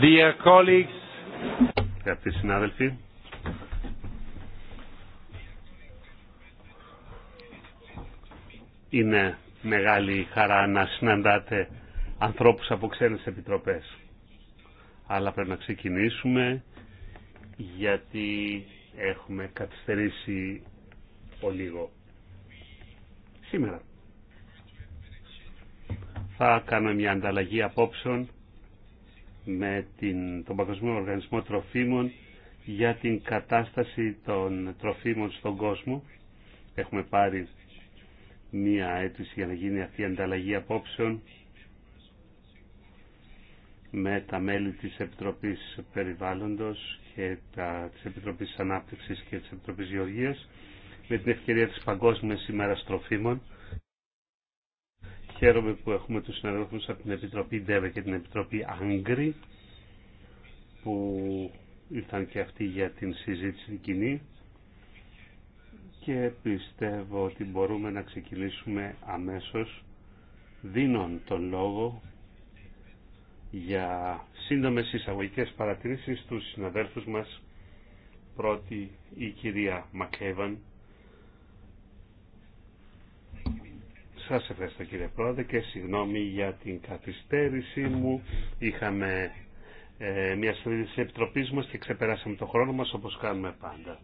Dear colleagues. συνάδελφοι. Είναι μεγάλη χαρά να συναντάτε ανθρώπους από ξένες επιτροπές. Αλλά πρέπει να ξεκινήσουμε γιατί έχουμε καθυστερήσει πολύ λίγο. Σήμερα θα κάνω μια ανταλλαγή απόψεων με την, τον Παγκοσμίο Οργανισμό Τροφίμων για την κατάσταση των τροφίμων στον κόσμο. Έχουμε πάρει μία αίτηση για να γίνει αυτή η ανταλλαγή απόψεων με τα μέλη της Επιτροπής Περιβάλλοντος και τα, της Επιτροπής Ανάπτυξης και της Επιτροπής Γεωργίας με την ευκαιρία της Παγκόσμιας ημέρας τροφίμων Χαίρομαι που έχουμε τους συναδέλφους από την Επιτροπή ΔΕΒΕ και την Επιτροπή Άγκρη που ήρθαν και αυτοί για την συζήτηση κοινή και πιστεύω ότι μπορούμε να ξεκινήσουμε αμέσως δίνον τον λόγο για σύντομες εισαγωγικές παρατηρήσεις στους συναδέλφους μας πρώτη η κυρία Μακέβαν Σας ευχαριστώ κύριε Πρόεδρε και συγγνώμη για την καθυστέρησή μου. Είχαμε ε, μια συνέντευξη της Επιτροπής μας και ξεπεράσαμε το χρόνο μας όπως κάνουμε πάντα.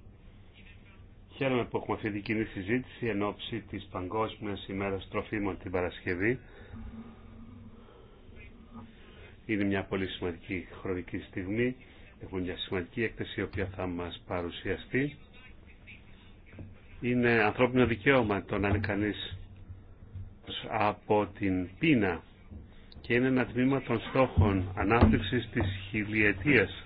Χαίρομαι που έχουμε αυτή την κοινή συζήτηση εν ώψη της Παγκόσμιας ημέρας τροφίμων την Παρασκευή. Είναι μια πολύ σημαντική χρονική στιγμή. Έχουμε μια σημαντική έκθεση η οποία θα μας παρουσιαστεί. Είναι ανθρώπινο δικαίωμα το να είναι κανείς από την πείνα και είναι ένα τμήμα των στόχων ανάπτυξης της χιλιετίας.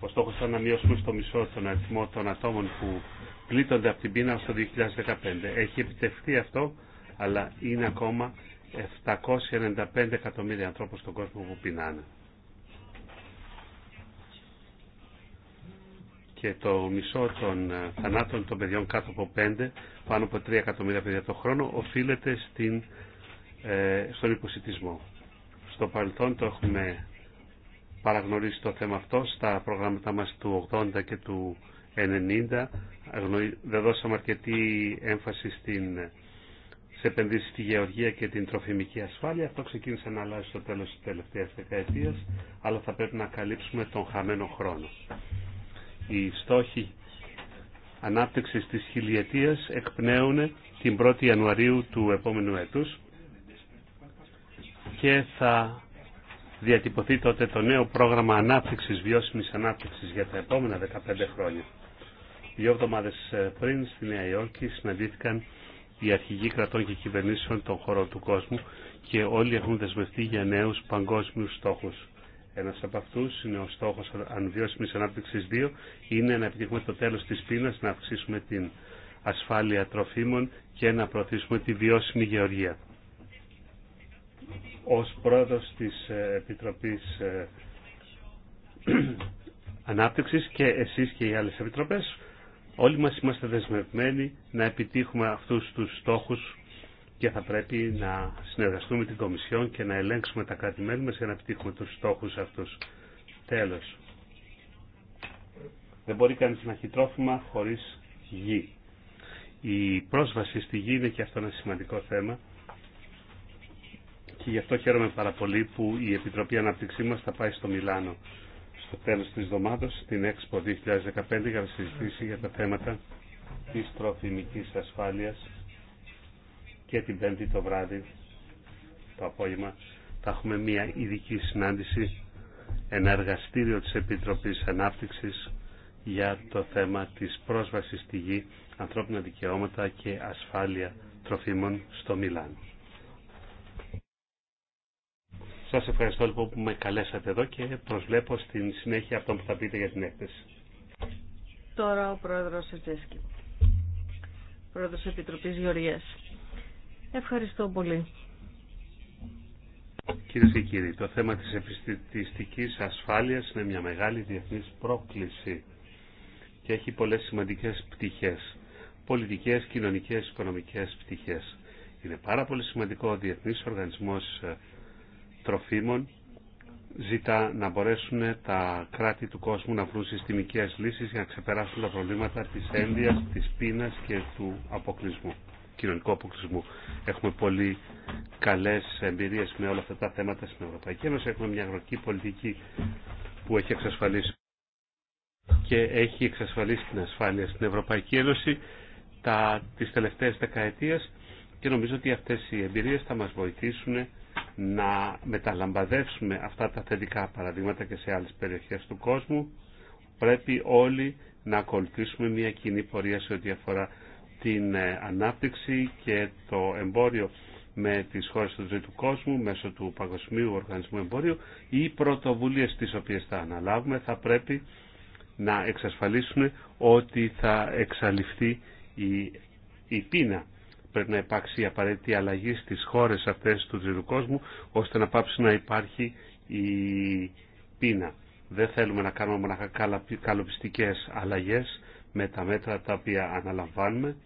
Ο στόχος ήταν να μειώσουμε στο μισό τον αριθμό των ατόμων που πλήττονται από την πείνα στο 2015. Έχει επιτευχθεί αυτό, αλλά είναι ακόμα 795 εκατομμύρια ανθρώπους στον κόσμο που πεινάνε. και το μισό των ε, θανάτων των παιδιών κάτω από 5, πάνω από 3 εκατομμύρια παιδιά το χρόνο, οφείλεται στην, ε, στον υποσυτισμό. Στο παρελθόν το έχουμε παραγνωρίσει το θέμα αυτό στα προγράμματα μας του 80 και του 90. Δεν δώσαμε αρκετή έμφαση στην, σε επενδύσεις στη γεωργία και την τροφιμική ασφάλεια. Αυτό ξεκίνησε να αλλάζει στο τέλος της τελευταίας δεκαετίας, αλλά θα πρέπει να καλύψουμε τον χαμένο χρόνο οι στόχοι ανάπτυξης της χιλιετίας εκπνέουν την 1η Ιανουαρίου του επόμενου έτους και θα διατυπωθεί τότε το νέο πρόγραμμα ανάπτυξης, βιώσιμης ανάπτυξης για τα επόμενα 15 χρόνια. Δύο εβδομάδες ε, πριν στη Νέα Υόρκη συναντήθηκαν οι αρχηγοί κρατών και κυβερνήσεων των χωρών του κόσμου και όλοι έχουν δεσμευτεί για νέους παγκόσμιους στόχους. Ένα από αυτού είναι ο στόχος ανβιώσιμη ανάπτυξης 2, είναι να επιτύχουμε το τέλος της πείνα, να αυξήσουμε την ασφάλεια τροφίμων και να προωθήσουμε τη βιώσιμη γεωργία. Ως πρόεδρο τη ε, επιτροπή ε, Ανάπτυξης και εσείς και οι άλλες επιτροπές, όλοι μα είμαστε δεσμευμένοι να επιτύχουμε αυτούς τους στόχους και θα πρέπει να συνεργαστούμε την Κομισιόν και να ελέγξουμε τα κράτη-μέλη μας για να επιτύχουμε τους στόχους αυτούς. Τέλος. Δεν μπορεί κανείς να έχει τρόφιμα χωρίς γη. Η πρόσβαση στη γη είναι και αυτό ένα σημαντικό θέμα και γι' αυτό χαίρομαι πάρα πολύ που η Επιτροπή Αναπτυξή μας θα πάει στο Μιλάνο στο τέλος της εβδομάδας, στην Expo 2015 για να συζητήσει για τα θέματα της τροφιμικής ασφάλειας και την Πέμπτη το βράδυ, το απόγευμα, θα έχουμε μια ειδική συνάντηση, ένα εργαστήριο της Επιτροπής Ανάπτυξης για το θέμα της πρόσβασης στη γη, ανθρώπινα δικαιώματα και ασφάλεια τροφίμων στο Μιλάνο. Σας ευχαριστώ λοιπόν που με καλέσατε εδώ και προσβλέπω στην συνέχεια αυτό που θα πείτε για την έκθεση. Τώρα ο Πρόεδρος Ετζέσκη, Πρόεδρος Επιτροπής Γεωργίας. Ευχαριστώ πολύ. Κυρίε και κύριοι, το θέμα της επιστημιστικής ασφάλειας είναι μια μεγάλη διεθνής πρόκληση και έχει πολλές σημαντικές πτυχές. Πολιτικές, κοινωνικές, οικονομικές πτυχές. Είναι πάρα πολύ σημαντικό ο Διεθνής Οργανισμός ε, Τροφίμων ζητά να μπορέσουν τα κράτη του κόσμου να βρουν συστημικές λύσεις για να ξεπεράσουν τα προβλήματα της ένδυας, της πείνας και του αποκλεισμού κοινωνικού αποκλεισμού. Έχουμε πολύ καλές εμπειρίες με όλα αυτά τα θέματα στην Ευρωπαϊκή Ένωση. Έχουμε μια αγροτική πολιτική που έχει εξασφαλίσει και έχει εξασφαλίσει την ασφάλεια στην Ευρωπαϊκή Ένωση τα, τις τελευταίες δεκαετίες και νομίζω ότι αυτές οι εμπειρίες θα μας βοηθήσουν να μεταλαμπαδεύσουμε αυτά τα θετικά παραδείγματα και σε άλλες περιοχές του κόσμου. Πρέπει όλοι να ακολουθήσουμε μια κοινή πορεία σε ό,τι αφορά την ε, ανάπτυξη και το εμπόριο με τις χώρες του τρίτου κόσμου μέσω του Παγκοσμίου Οργανισμού Εμπόριου οι πρωτοβουλίες τις οποίες θα αναλάβουμε θα πρέπει να εξασφαλίσουν ότι θα εξαλειφθεί η, η πείνα. Πρέπει να υπάρξει η απαραίτητη αλλαγή στις χώρες αυτές του τρίτου κόσμου ώστε να πάψει να υπάρχει η πείνα. Δεν θέλουμε να κάνουμε μοναχα καλοπιστικές αλλαγές με τα μέτρα τα οποία αναλαμβάνουμε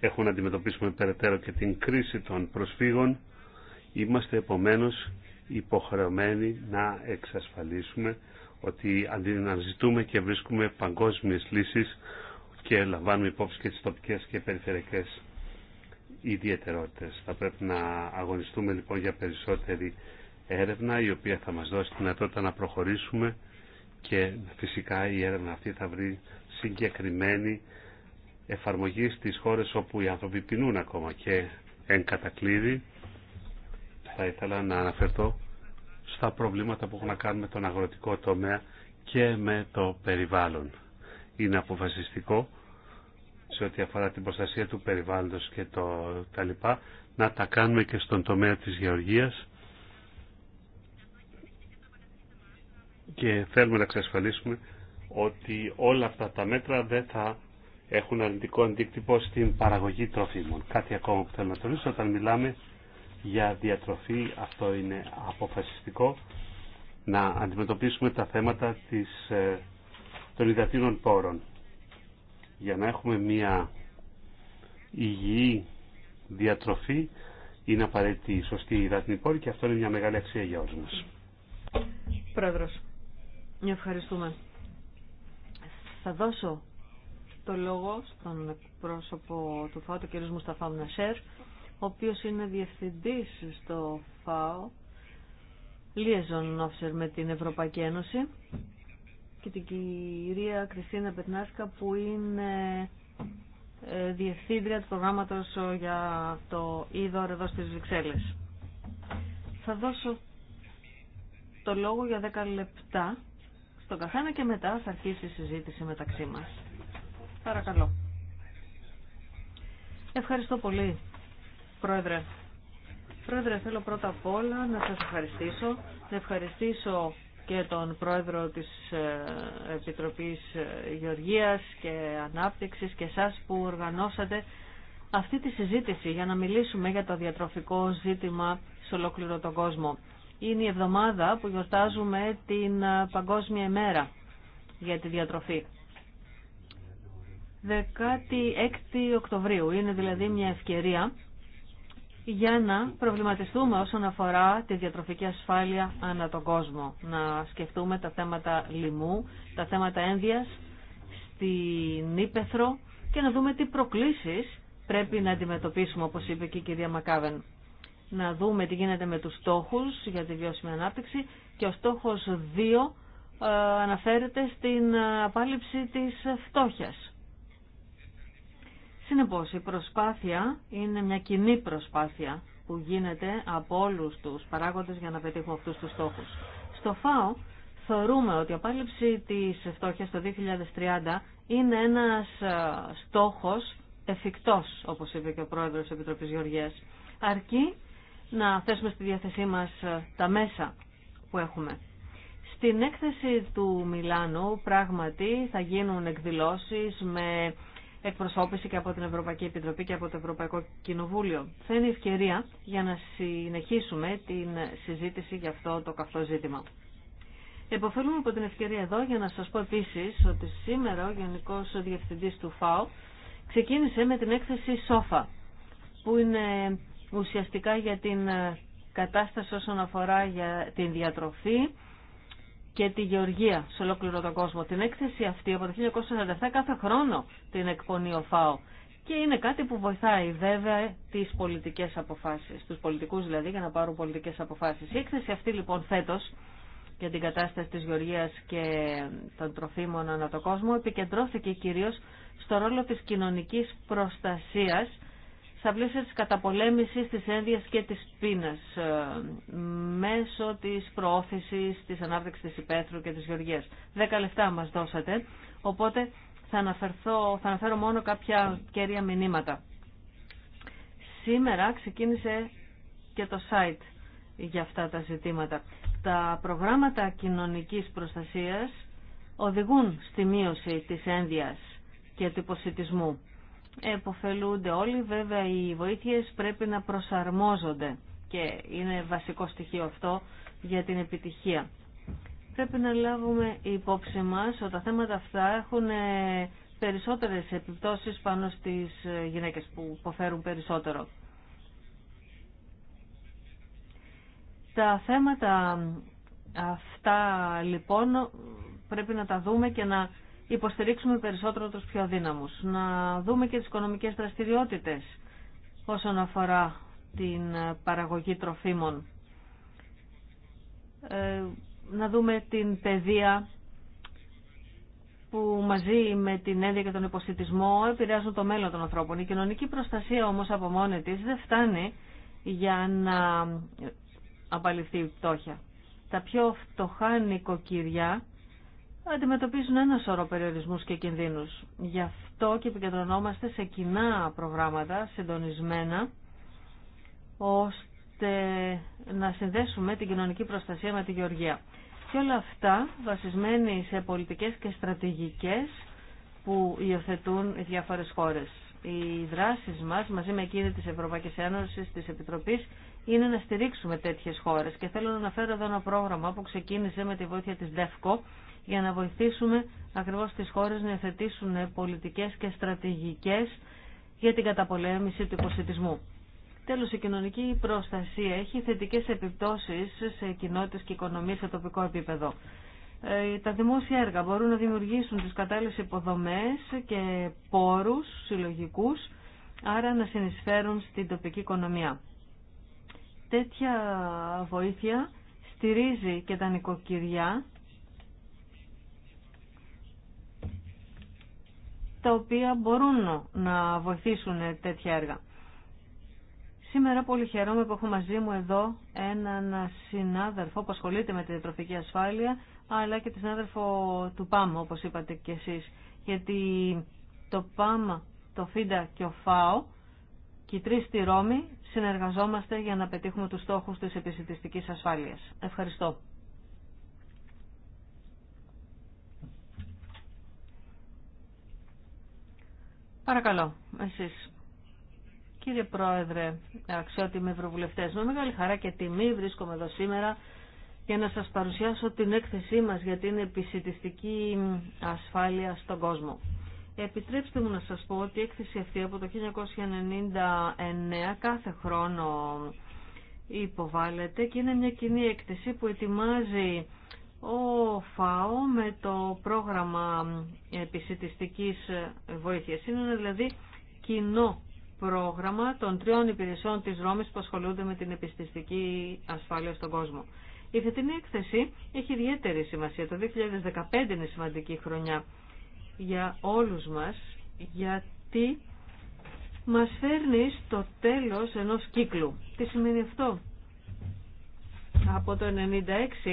έχουν να αντιμετωπίσουμε περαιτέρω και την κρίση των προσφύγων. Είμαστε επομένως υποχρεωμένοι να εξασφαλίσουμε ότι αντί να ζητούμε και βρίσκουμε παγκόσμιες λύσεις και λαμβάνουμε υπόψη και τις τοπικές και περιφερειακές ιδιαιτερότητες. Θα πρέπει να αγωνιστούμε λοιπόν για περισσότερη έρευνα η οποία θα μας δώσει τη δυνατότητα να προχωρήσουμε και φυσικά η έρευνα αυτή θα βρει συγκεκριμένη εφαρμογή στις χώρες όπου οι άνθρωποι πεινούν ακόμα και εν κατακλείδη θα ήθελα να αναφερθώ στα προβλήματα που έχουν να κάνουν με τον αγροτικό τομέα και με το περιβάλλον. Είναι αποφασιστικό σε ό,τι αφορά την προστασία του περιβάλλοντος και το, τα λοιπά, να τα κάνουμε και στον τομέα της γεωργίας και θέλουμε να εξασφαλίσουμε ότι όλα αυτά τα μέτρα δεν θα έχουν αρνητικό αντίκτυπο στην παραγωγή τροφίμων. Κάτι ακόμα που θέλω να τονίσω όταν μιλάμε για διατροφή, αυτό είναι αποφασιστικό, να αντιμετωπίσουμε τα θέματα της, ε, των υδατίνων πόρων. Για να έχουμε μια υγιή διατροφή είναι απαραίτητη η σωστή υδατινή πόρη και αυτό είναι μια μεγάλη αξία για όλους μας. Πρόεδρος, ευχαριστούμε. Θα δώσω το λόγο στον πρόσωπο του ΦΑΟ, τον κ. Μουσταφά Μνασέρ, ο οποίος είναι διευθυντής στο ΦΑΟ, liaison officer με την Ευρωπαϊκή Ένωση και την κυρία Κριστίνα Πετνάσκα που είναι ε, διευθύντρια του προγράμματος για το είδο εδώ στις Βρυξέλλες. Θα δώσω το λόγο για 10 λεπτά στον καθένα και μετά θα αρχίσει η συζήτηση μεταξύ μας. Παρακαλώ. Ευχαριστώ πολύ, Πρόεδρε. Πρόεδρε, θέλω πρώτα απ' όλα να σας ευχαριστήσω, να ευχαριστήσω και τον Πρόεδρο της ε, Επιτροπής ε, Γεωργίας και Ανάπτυξης και σας που οργανώσατε αυτή τη συζήτηση για να μιλήσουμε για το διατροφικό ζήτημα σε ολόκληρο τον κόσμο. Είναι η εβδομάδα που γιορτάζουμε την ε, Παγκόσμια ημέρα για τη διατροφή. 16 Οκτωβρίου. Είναι δηλαδή μια ευκαιρία για να προβληματιστούμε όσον αφορά τη διατροφική ασφάλεια ανά τον κόσμο. Να σκεφτούμε τα θέματα λοιμού, τα θέματα ένδυας στην Ήπεθρο και να δούμε τι προκλήσεις πρέπει να αντιμετωπίσουμε, όπως είπε και η κυρία Μακάβεν. Να δούμε τι γίνεται με τους στόχους για τη βιώσιμη ανάπτυξη και ο στόχος 2 ε, αναφέρεται στην ε, απάλληψη της φτώχειας. Συνεπώς, η προσπάθεια είναι μια κοινή προσπάθεια που γίνεται από όλους τους παράγοντες για να πετύχουμε αυτούς τους στόχους. Στο ΦΑΟ θεωρούμε ότι η απάλληψη της φτώχειας το 2030 είναι ένας ε, στόχος εφικτός, όπως είπε και ο πρόεδρος της Επιτροπής Γεωργίας, αρκεί να θέσουμε στη διάθεσή μας ε, τα μέσα που έχουμε. Στην έκθεση του Μιλάνου πράγματι θα γίνουν εκδηλώσεις με εκπροσώπηση και από την Ευρωπαϊκή Επιτροπή και από το Ευρωπαϊκό Κοινοβούλιο. Θα είναι ευκαιρία για να συνεχίσουμε την συζήτηση για αυτό το καυτό ζήτημα. Εποφέλουμε από την ευκαιρία εδώ για να σας πω επίσης ότι σήμερα ο Γενικός Διευθυντής του ΦΑΟ ξεκίνησε με την έκθεση ΣΟΦΑ που είναι ουσιαστικά για την κατάσταση όσον αφορά για την διατροφή και τη γεωργία σε ολόκληρο τον κόσμο. Την έκθεση αυτή από το 1947 κάθε χρόνο την εκπονεί ο ΦΑΟ. Και είναι κάτι που βοηθάει βέβαια τι πολιτικέ αποφάσει, του πολιτικού δηλαδή για να πάρουν πολιτικέ αποφάσει. Η έκθεση αυτή λοιπόν φέτο για την κατάσταση τη γεωργία και των τροφίμων ανά τον κόσμο επικεντρώθηκε κυρίω στο ρόλο τη κοινωνική προστασία στα πλαίσια της καταπολέμησης της ένδυας και της πείνας ε, μέσω της προώθησης της ανάπτυξης της υπαίθρου και της γεωργίας. Δέκα λεφτά μας δώσατε, οπότε θα, αναφερθώ, θα αναφέρω μόνο κάποια κέρια μηνύματα. Σήμερα ξεκίνησε και το site για αυτά τα ζητήματα. Τα προγράμματα κοινωνικής προστασίας οδηγούν στη μείωση της ένδυας και του υποσυτισμού εποφελούνται όλοι. Βέβαια οι βοήθειες πρέπει να προσαρμόζονται και είναι βασικό στοιχείο αυτό για την επιτυχία. Πρέπει να λάβουμε υπόψη μας ότι τα θέματα αυτά έχουν ε, περισσότερες επιπτώσεις πάνω στις ε, γυναίκες που υποφέρουν περισσότερο. Τα θέματα αυτά λοιπόν πρέπει να τα δούμε και να υποστηρίξουμε περισσότερο τους πιο δύναμους. Να δούμε και τις οικονομικές δραστηριότητες όσον αφορά την ε, παραγωγή τροφίμων. Ε, να δούμε την παιδεία που μαζί με την ένδια και τον υποστητισμό επηρεάζουν το μέλλον των ανθρώπων. Η κοινωνική προστασία όμως από μόνη της δεν φτάνει για να απαλληφθεί η πτώχεια. Τα πιο φτωχά νοικοκυριά αντιμετωπίζουν ένα σώρο περιορισμούς και κινδύνους. Γι' αυτό και επικεντρωνόμαστε σε κοινά προγράμματα, συντονισμένα, ώστε να συνδέσουμε την κοινωνική προστασία με τη γεωργία. Και όλα αυτά βασισμένοι σε πολιτικές και στρατηγικές που υιοθετούν οι διάφορες χώρες. Οι δράσεις μας μαζί με εκείνη της Ευρωπαϊκής Ένωσης, της Επιτροπής, είναι να στηρίξουμε τέτοιες χώρες. Και θέλω να αναφέρω εδώ ένα πρόγραμμα που ξεκίνησε με τη βοήθεια της ΔΕΦΚΟ, για να βοηθήσουμε ακριβώς τις χώρες να εθετήσουν πολιτικές και στρατηγικές για την καταπολέμηση του υποσυτισμού. Τέλος, η κοινωνική προστασία έχει θετικές επιπτώσεις σε κοινότητες και οικονομίε σε τοπικό επίπεδο. Ε, τα δημόσια έργα μπορούν να δημιουργήσουν τις κατάλληλες υποδομές και πόρους συλλογικούς, άρα να συνεισφέρουν στην τοπική οικονομία. Τέτοια βοήθεια στηρίζει και τα νοικοκυριά τα οποία μπορούν να βοηθήσουν τέτοια έργα. Σήμερα πολύ χαίρομαι που έχω μαζί μου εδώ έναν συνάδελφο που ασχολείται με τη διατροφική ασφάλεια, αλλά και τη συνάδελφο του ΠΑΜ, όπως είπατε και εσείς. Γιατί το ΠΑΜ, το ΦΙΝΤΑ και ο ΦΑΟ, και οι τρεις στη Ρώμη, συνεργαζόμαστε για να πετύχουμε τους στόχους της επιστημιστικής ασφάλειας. Ευχαριστώ. Παρακαλώ, εσείς. Κύριε Πρόεδρε, αξιότιμοι ευρωβουλευτέ, με μεγάλη χαρά και τιμή βρίσκομαι εδώ σήμερα για να σας παρουσιάσω την έκθεσή μας για την επισητιστική ασφάλεια στον κόσμο. Επιτρέψτε μου να σας πω ότι η έκθεση αυτή από το 1999 κάθε χρόνο υποβάλλεται και είναι μια κοινή έκθεση που ετοιμάζει ο ΦΑΟ με το πρόγραμμα επισητιστικής βοήθειας είναι δηλαδή κοινό πρόγραμμα των τριών υπηρεσιών της Ρώμης που ασχολούνται με την επιστηστική ασφάλεια στον κόσμο. Η φετινή έκθεση έχει ιδιαίτερη σημασία. Το 2015 είναι σημαντική χρονιά για όλους μας, γιατί μας φέρνει στο τέλος ενός κύκλου. Τι σημαίνει αυτό? Από το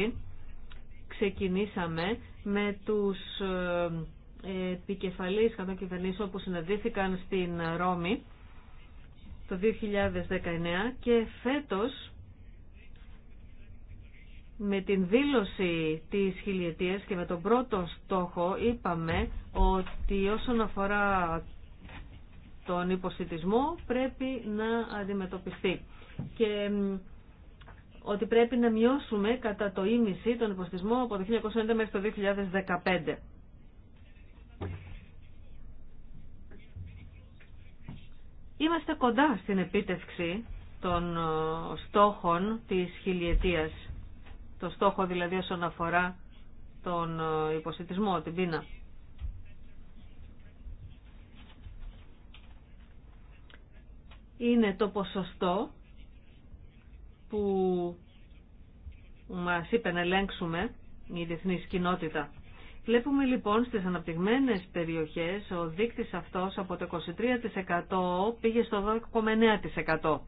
1996 ξεκινήσαμε με τους ε, επικεφαλείς κατά κυβερνήσεων που συναντήθηκαν στην Ρώμη το 2019 και φέτος με την δήλωση της χιλιετίας και με τον πρώτο στόχο είπαμε ότι όσον αφορά τον υποσυτισμό πρέπει να αντιμετωπιστεί. Και ότι πρέπει να μειώσουμε κατά το ίμιση τον υποστισμό από το 1990 μέχρι το 2015. Είμαστε κοντά στην επίτευξη των ε, στόχων της χιλιετίας. Το στόχο δηλαδή όσον αφορά τον ε, υποσυτισμό, την πείνα. Είναι το ποσοστό που μας είπε να ελέγξουμε η διεθνή κοινότητα. Βλέπουμε λοιπόν στις αναπτυγμένες περιοχές ο δείκτης αυτός από το 23% πήγε στο 29%.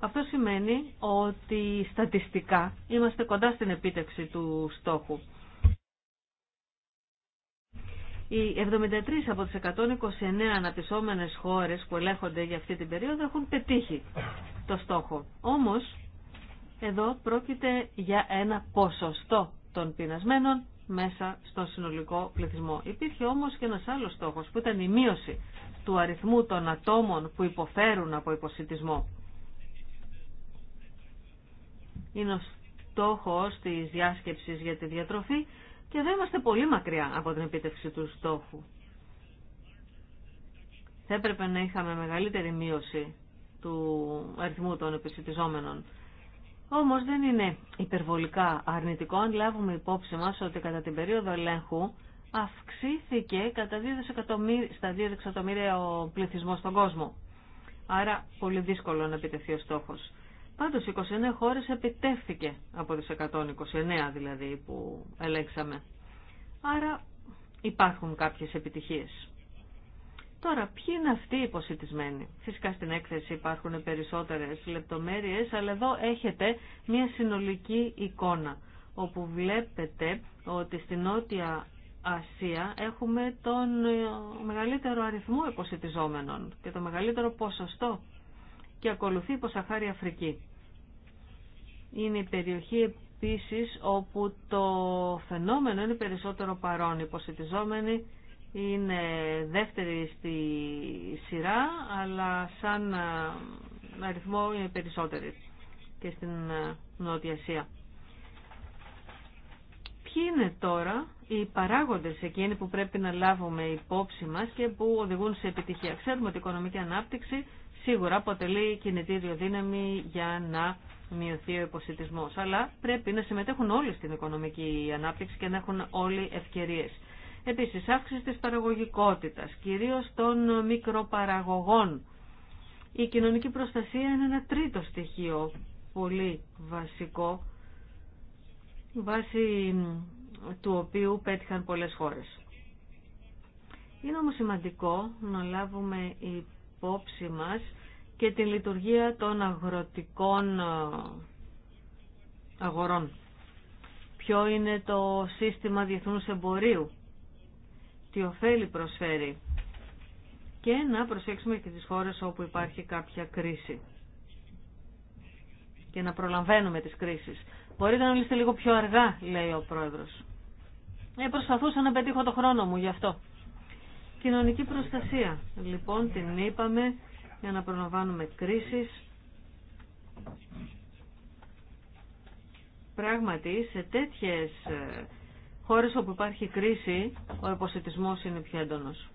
Αυτό σημαίνει ότι στατιστικά είμαστε κοντά στην επίτευξη του στόχου. Οι 73 από τις 129 αναπτυσσόμενες χώρες που ελέγχονται για αυτή την περίοδο έχουν πετύχει το στόχο. Όμως, εδώ πρόκειται για ένα ποσοστό των πεινασμένων μέσα στο συνολικό πληθυσμό. Υπήρχε όμως και ένας άλλος στόχος που ήταν η μείωση του αριθμού των ατόμων που υποφέρουν από υποσυτισμό. Είναι ο στόχος της διάσκεψης για τη διατροφή και δεν είμαστε πολύ μακριά από την επίτευξη του στόχου. Θα έπρεπε να είχαμε μεγαλύτερη μείωση του αριθμού των επισητιζόμενων. Όμως δεν είναι υπερβολικά αρνητικό αν λάβουμε υπόψη μας ότι κατά την περίοδο ελέγχου αυξήθηκε κατά 2 στα 2 δισεκατομμύρια ο πληθυσμός στον κόσμο. Άρα πολύ δύσκολο να επιτεθεί ο στόχος. Πάντως 29 χώρες επιτεύθηκε από τις 129 δηλαδή που ελέγξαμε. Άρα υπάρχουν κάποιες επιτυχίες. Τώρα, ποιοι είναι αυτοί οι υποσυτισμένοι. Φυσικά στην έκθεση υπάρχουν περισσότερες λεπτομέρειες, αλλά εδώ έχετε μια συνολική εικόνα, όπου βλέπετε ότι στην Νότια Ασία έχουμε τον ε, μεγαλύτερο αριθμό υποσυτιζόμενων και το μεγαλύτερο ποσοστό και ακολουθεί η υπό Αφρική. Είναι η περιοχή επίσης όπου το φαινόμενο είναι περισσότερο παρόν. Οι ποσιτιζόμενοι είναι δεύτερη στη σειρά, αλλά σαν αριθμό είναι περισσότεροι και στην Νότια Ασία. Ποιοι είναι τώρα οι παράγοντες εκείνοι που πρέπει να λάβουμε υπόψη μας και που οδηγούν σε επιτυχία. Ξέρουμε ότι η οικονομική ανάπτυξη σίγουρα αποτελεί κινητήριο δύναμη για να μειωθεί ο υποσυτισμό. Αλλά πρέπει να συμμετέχουν όλοι στην οικονομική ανάπτυξη και να έχουν όλοι ευκαιρίες. Επίση, αύξηση της παραγωγικότητας, κυρίως των μικροπαραγωγών. Η κοινωνική προστασία είναι ένα τρίτο στοιχείο, πολύ βασικό, βάσει του οποίου πέτυχαν πολλές χώρες. Είναι όμως σημαντικό να λάβουμε υπόψη και τη λειτουργία των αγροτικών ε, αγορών. Ποιο είναι το σύστημα διεθνούς εμπορίου, τι ωφέλη προσφέρει και να προσέξουμε και τις χώρες όπου υπάρχει κάποια κρίση και να προλαμβαίνουμε τις κρίσεις. Μπορείτε να μιλήσετε λίγο πιο αργά, λέει ο πρόεδρος. Ε, προσπαθούσα να πετύχω το χρόνο μου γι' αυτό. Κοινωνική προστασία, λοιπόν, την είπαμε για να προλαμβάνουμε κρίσεις. Πράγματι, σε τέτοιες ε, χώρες όπου υπάρχει κρίση, ο υποσυτισμός είναι πιο έντονος.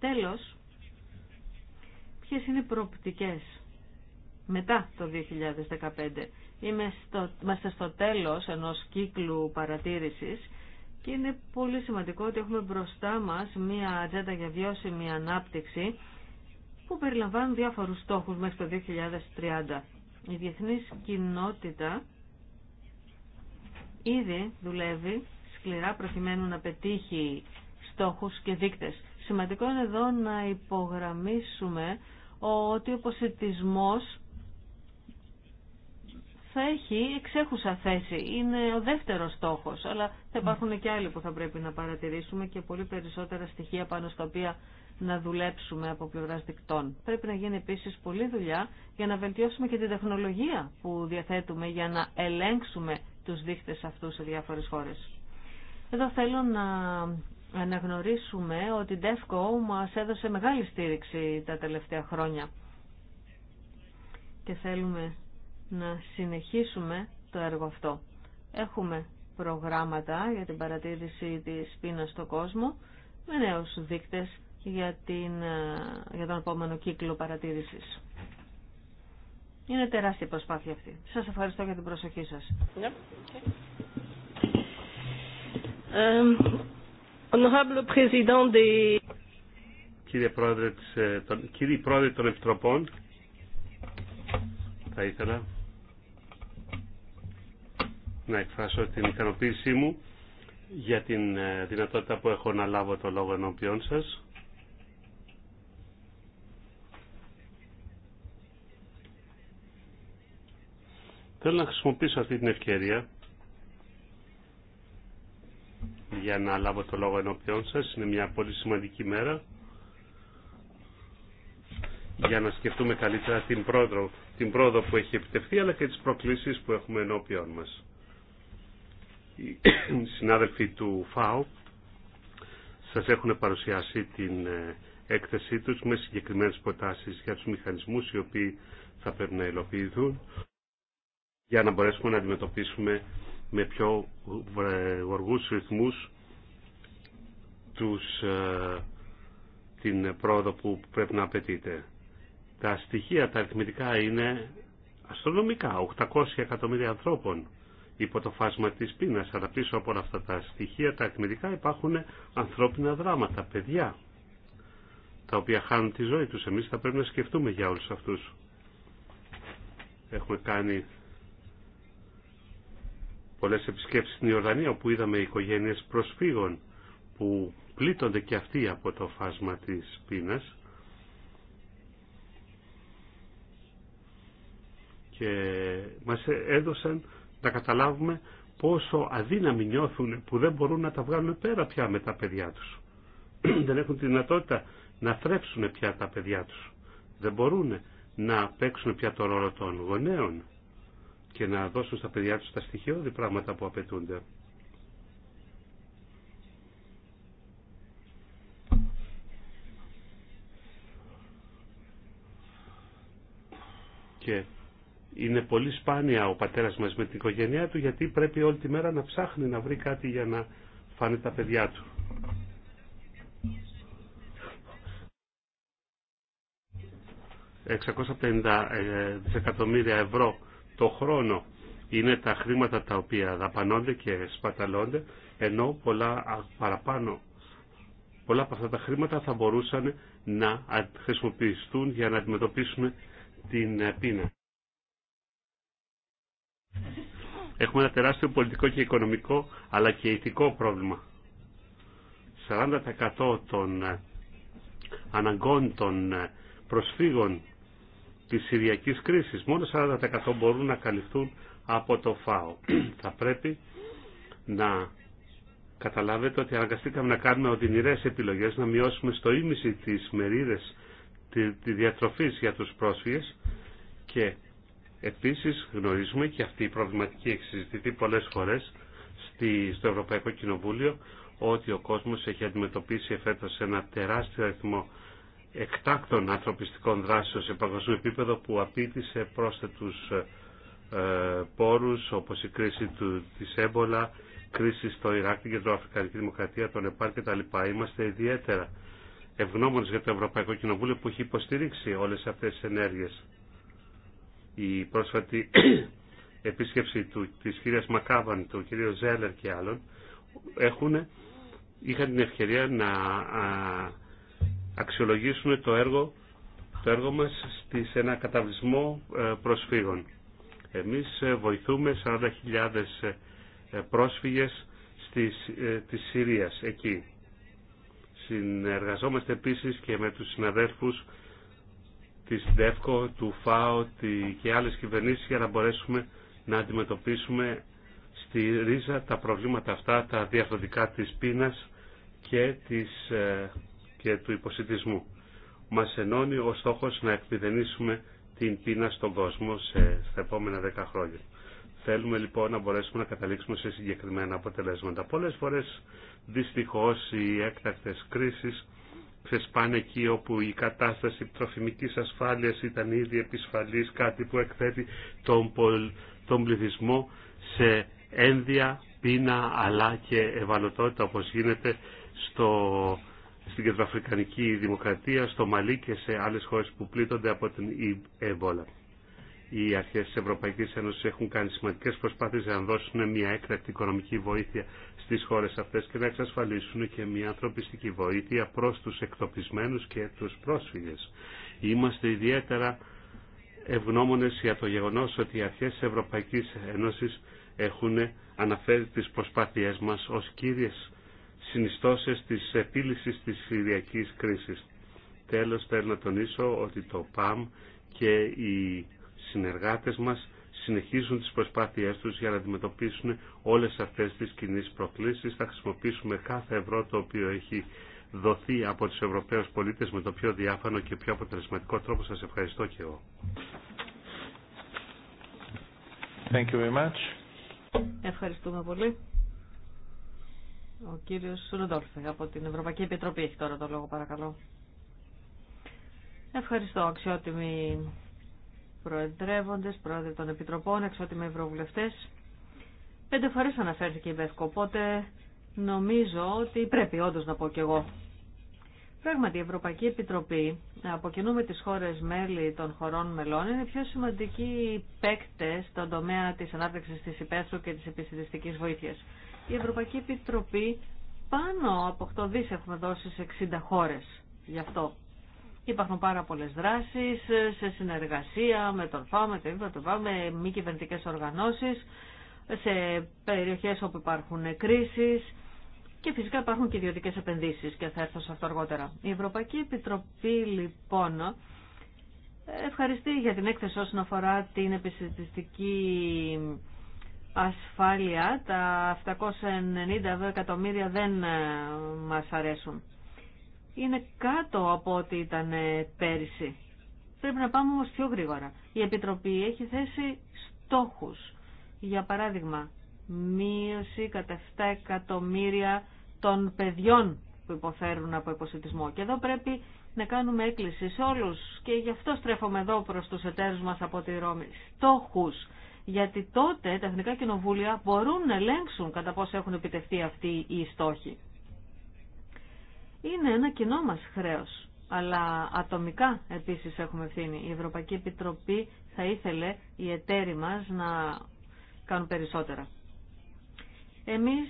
Τέλος, ποιες είναι οι προοπτικές μετά το 2015. Είμαστε στο, είμαστε στο τέλος ενός κύκλου παρατήρησης και είναι πολύ σημαντικό ότι έχουμε μπροστά μας μία ατζέντα για βιώσιμη ανάπτυξη που περιλαμβάνουν διάφορους στόχους μέχρι το 2030. Η διεθνής κοινότητα ήδη δουλεύει σκληρά προκειμένου να πετύχει στόχους και δείκτες. Σημαντικό είναι εδώ να υπογραμμίσουμε ότι ο ποσιτισμός θα έχει εξέχουσα θέση. Είναι ο δεύτερος στόχος, αλλά θα υπάρχουν και άλλοι που θα πρέπει να παρατηρήσουμε και πολύ περισσότερα στοιχεία πάνω στα οποία να δουλέψουμε από πλευρά δικτών. Πρέπει να γίνει επίση πολλή δουλειά για να βελτιώσουμε και την τεχνολογία που διαθέτουμε για να ελέγξουμε τους δείχτε αυτούς σε διάφορε χώρε. Εδώ θέλω να αναγνωρίσουμε ότι η DEFCO μας έδωσε μεγάλη στήριξη τα τελευταία χρόνια και θέλουμε να συνεχίσουμε το έργο αυτό. Έχουμε προγράμματα για την παρατήρηση της πείνας στον κόσμο με νέους δείκτες για, την, ε, για τον επόμενο κύκλο παρατήρησης. Είναι τεράστια προσπάθεια αυτή. Σας ευχαριστώ για την προσοχή σας. Yeah. Ναι, ε, okay. κύριε Πρόεδρε, ε, των, κύριε Πρόεδρε των Επιτροπών, θα ήθελα να εκφράσω την ικανοποίησή μου για την ε, δυνατότητα που έχω να λάβω το λόγο ενώπιόν σας. Θέλω να χρησιμοποιήσω αυτή την ευκαιρία για να λάβω το λόγο ενώπιόν σας. Είναι μια πολύ σημαντική μέρα για να σκεφτούμε καλύτερα την πρόοδο, την πρόοδο που έχει επιτευχθεί αλλά και τις προκλήσεις που έχουμε ενώπιόν μας οι συνάδελφοι του ΦΑΟ σας έχουν παρουσιάσει την ε, έκθεσή τους με συγκεκριμένες προτάσεις για τους μηχανισμούς οι οποίοι θα πρέπει να υλοποιηθούν για να μπορέσουμε να αντιμετωπίσουμε με πιο γοργούς ρυθμούς τους, ε, την πρόοδο που πρέπει να απαιτείται. Τα στοιχεία, τα αριθμητικά είναι αστρονομικά, 800 εκατομμύρια ανθρώπων υπό το φάσμα της πείνας. Αλλά πίσω από όλα αυτά τα στοιχεία, τα αριθμητικά, υπάρχουν ανθρώπινα δράματα, παιδιά, τα οποία χάνουν τη ζωή τους. Εμείς θα πρέπει να σκεφτούμε για όλους αυτούς. Έχουμε κάνει πολλές επισκέψεις στην Ιορδανία, όπου είδαμε οικογένειες προσφύγων, που πλήττονται και αυτοί από το φάσμα της πείνας. και μας έδωσαν να καταλάβουμε πόσο αδύναμοι νιώθουν που δεν μπορούν να τα βγάλουν πέρα πια με τα παιδιά τους. δεν έχουν τη δυνατότητα να θρέψουν πια τα παιδιά τους. Δεν μπορούν να παίξουν πια το ρόλο των γονέων και να δώσουν στα παιδιά τους τα στοιχειώδη πράγματα που απαιτούνται. Και είναι πολύ σπάνια ο πατέρας μας με την οικογένειά του γιατί πρέπει όλη τη μέρα να ψάχνει να βρει κάτι για να φάνε τα παιδιά του. ...650 ε, δισεκατομμύρια ευρώ το χρόνο είναι τα χρήματα τα οποία δαπανώνται και σπαταλώνται... ...ενώ πολλά παραπάνω, πολλά από αυτά τα χρήματα θα μπορούσαν να χρησιμοποιηθούν για να αντιμετωπίσουν την ε, πείνα. Έχουμε ένα τεράστιο πολιτικό και οικονομικό αλλά και ηθικό πρόβλημα. 40% των ε, αναγκών των ε, προσφύγων της Συριακής κρίσης, μόνο 40% μπορούν να καλυφθούν από το ΦΑΟ. Θα πρέπει να καταλάβετε ότι αναγκαστήκαμε να κάνουμε οδυνηρές επιλογές, να μειώσουμε στο ίμιση τις μερίδες τη διατροφής για τους πρόσφυγες και Επίσης γνωρίζουμε και αυτή η προβληματική έχει συζητηθεί πολλές φορές στη, στο Ευρωπαϊκό Κοινοβούλιο ότι ο κόσμος έχει αντιμετωπίσει εφέτος ένα τεράστιο αριθμό εκτάκτων ανθρωπιστικών δράσεων σε παγκοσμίο επίπεδο που απίτησε πρόσθετους ε, πόρους όπως η κρίση του, της έμπολα, κρίση στο Ιράκ, την Κεντροαφρικανική Δημοκρατία, τον ΕΠΑΡ κτλ. Είμαστε ιδιαίτερα ευγνώμονες για το Ευρωπαϊκό Κοινοβούλιο που έχει υποστηρίξει όλες αυτές τις ενέργειες η πρόσφατη επίσκεψη του, της κυρίας Μακάβαν, του κυρίου Ζέλερ και άλλων, έχουν, είχαν την ευκαιρία να αξιολογήσουν το έργο, το έργο μας σε ένα καταβλισμό ε, προσφύγων. Εμείς ε, βοηθούμε 40.000 ε, πρόσφυγες της, της Συρίας εκεί. Συνεργαζόμαστε επίσης και με τους συναδέλφους της ΔΕΦΚΟ, του ΦΑΟ και άλλες κυβερνήσεις για να μπορέσουμε να αντιμετωπίσουμε στη ρίζα τα προβλήματα αυτά, τα διαφορετικά της πείνας και, ε, και του υποσυντισμού. Μας ενώνει ο στόχος να εκπηδενήσουμε την πείνα στον κόσμο σε, στα επόμενα δέκα χρόνια. Θέλουμε λοιπόν να μπορέσουμε να καταλήξουμε σε συγκεκριμένα αποτελέσματα. Πολλές φορές δυστυχώς οι έκτακτες κρίσεις ξεσπάνε εκεί όπου η κατάσταση τροφιμικής ασφάλειας ήταν ήδη επισφαλής, κάτι που εκθέτει τον, πολ, τον πληθυσμό σε ένδια, πείνα αλλά και ευαλωτότητα όπως γίνεται στο, στην Κεντροαφρικανική Δημοκρατία, στο Μαλί και σε άλλες χώρες που πλήττονται από την Εμπόλα οι αρχέ τη Ευρωπαϊκής Ένωσης έχουν κάνει σημαντικές προσπάθειες να δώσουν μια έκτακτη οικονομική βοήθεια στις χώρες αυτές και να εξασφαλίσουν και μια ανθρωπιστική βοήθεια προς τους εκτοπισμένους και τους πρόσφυγες. Είμαστε ιδιαίτερα ευγνώμονες για το γεγονός ότι οι αρχέ τη Ευρωπαϊκής Ένωσης έχουν αναφέρει τι προσπάθειε μα ω κύριε συνιστώσεις της επίλυσης της Συριακής κρίσης. Τέλος, θέλω να τονίσω ότι το ΠΑΜ και η συνεργάτες μας συνεχίζουν τις προσπάθειές τους για να αντιμετωπίσουν όλες αυτές τις κοινέ προκλήσεις. Θα χρησιμοποιήσουμε κάθε ευρώ το οποίο έχει δοθεί από τους Ευρωπαίους πολίτες με το πιο διάφανο και πιο αποτελεσματικό τρόπο. Σας ευχαριστώ και εγώ. Thank you very much. Ευχαριστούμε πολύ. Ο κύριος Ρουντόλφε από την Ευρωπαϊκή Επιτροπή έχει τώρα το λόγο παρακαλώ. Ευχαριστώ αξιότιμη προεδρεύοντες, Πρόεδρε των επιτροπών, εξότιμοι ευρωβουλευτές. Πέντε φορές αναφέρθηκε η ΒΕΦΚΟ, οπότε νομίζω ότι πρέπει όντω να πω κι εγώ. Πράγματι, η Ευρωπαϊκή Επιτροπή, από κοινού με τις χώρες μέλη των χωρών μελών, είναι πιο σημαντικοί παίκτη στον τομέα της ανάπτυξης της υπαίθρου και της επιστημιστικής βοήθειας. Η Ευρωπαϊκή Επιτροπή πάνω από 8 δις έχουμε δώσει σε 60 χώρες γι' αυτό. Υπάρχουν πάρα πολλέ δράσει ε, σε συνεργασία με τον ΦΑΟ, με το ΙΒΑ, το με μη κυβερνητικέ οργανώσει, σε περιοχέ όπου υπάρχουν κρίσει και φυσικά υπάρχουν και ιδιωτικέ επενδύσει και θα έρθω σε αυτό αργότερα. Η Ευρωπαϊκή Επιτροπή λοιπόν ευχαριστεί για την έκθεση όσον αφορά την επιστημιστική ασφάλεια. Τα 790 εκατομμύρια δεν ε, μας αρέσουν είναι κάτω από ό,τι ήταν ε, πέρυσι. Πρέπει να πάμε όμως πιο γρήγορα. Η Επιτροπή έχει θέσει στόχους. Για παράδειγμα, μείωση κατά 7 εκατομμύρια των παιδιών που υποφέρουν από υποσυτισμό. Και εδώ πρέπει να κάνουμε έκκληση σε όλους και γι' αυτό στρέφομαι εδώ προς τους εταίρους μας από τη Ρώμη. Στόχους. Γιατί τότε τα Εθνικά Κοινοβούλια μπορούν να ελέγξουν κατά πόσο έχουν επιτευχθεί αυτοί οι στόχοι είναι ένα κοινό μας χρέος. Αλλά ατομικά επίσης έχουμε ευθύνη. Η Ευρωπαϊκή Επιτροπή θα ήθελε οι εταίροι μας να κάνουν περισσότερα. Εμείς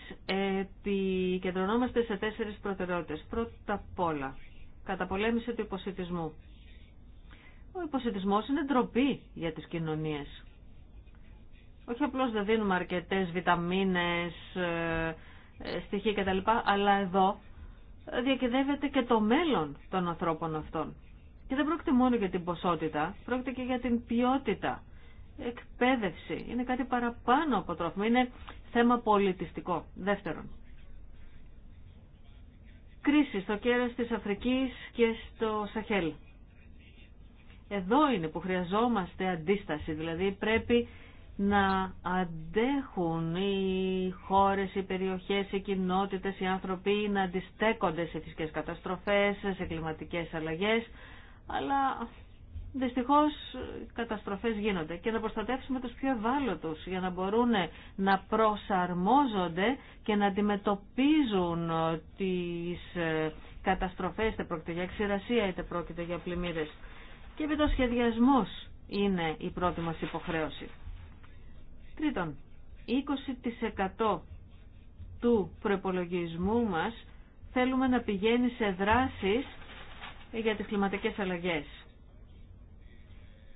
επικεντρωνόμαστε σε τέσσερις προτεραιότητες. Πρώτα απ' όλα, καταπολέμηση του υποσυτισμού. Ο υποσυτισμός είναι ντροπή για τις κοινωνίες. Όχι απλώς δεν δίνουμε αρκετές βιταμίνες, ε, ε, στοιχεία κτλ. Αλλά εδώ διακυδεύεται και το μέλλον των ανθρώπων αυτών. Και δεν πρόκειται μόνο για την ποσότητα, πρόκειται και για την ποιότητα. Εκπαίδευση είναι κάτι παραπάνω από τρόφιμο, είναι θέμα πολιτιστικό. Δεύτερον, κρίση στο κέρα της Αφρικής και στο Σαχέλ. Εδώ είναι που χρειαζόμαστε αντίσταση, δηλαδή πρέπει να αντέχουν οι χώρες, οι περιοχές, οι κοινότητες, οι άνθρωποι να αντιστέκονται σε φυσικές καταστροφές, σε κλιματικές αλλαγές, αλλά δυστυχώς καταστροφές γίνονται και να προστατεύσουμε τους πιο ευάλωτους για να μπορούν να προσαρμόζονται και να αντιμετωπίζουν τις ε, καταστροφές, είτε πρόκειται για ξηρασία, είτε πρόκειται για πλημμύρες. Και επί το σχεδιασμός είναι η πρώτη μας υποχρέωση. Τρίτον, 20% του προπολογισμού μας θέλουμε να πηγαίνει σε δράσεις για τις κλιματικές αλλαγές.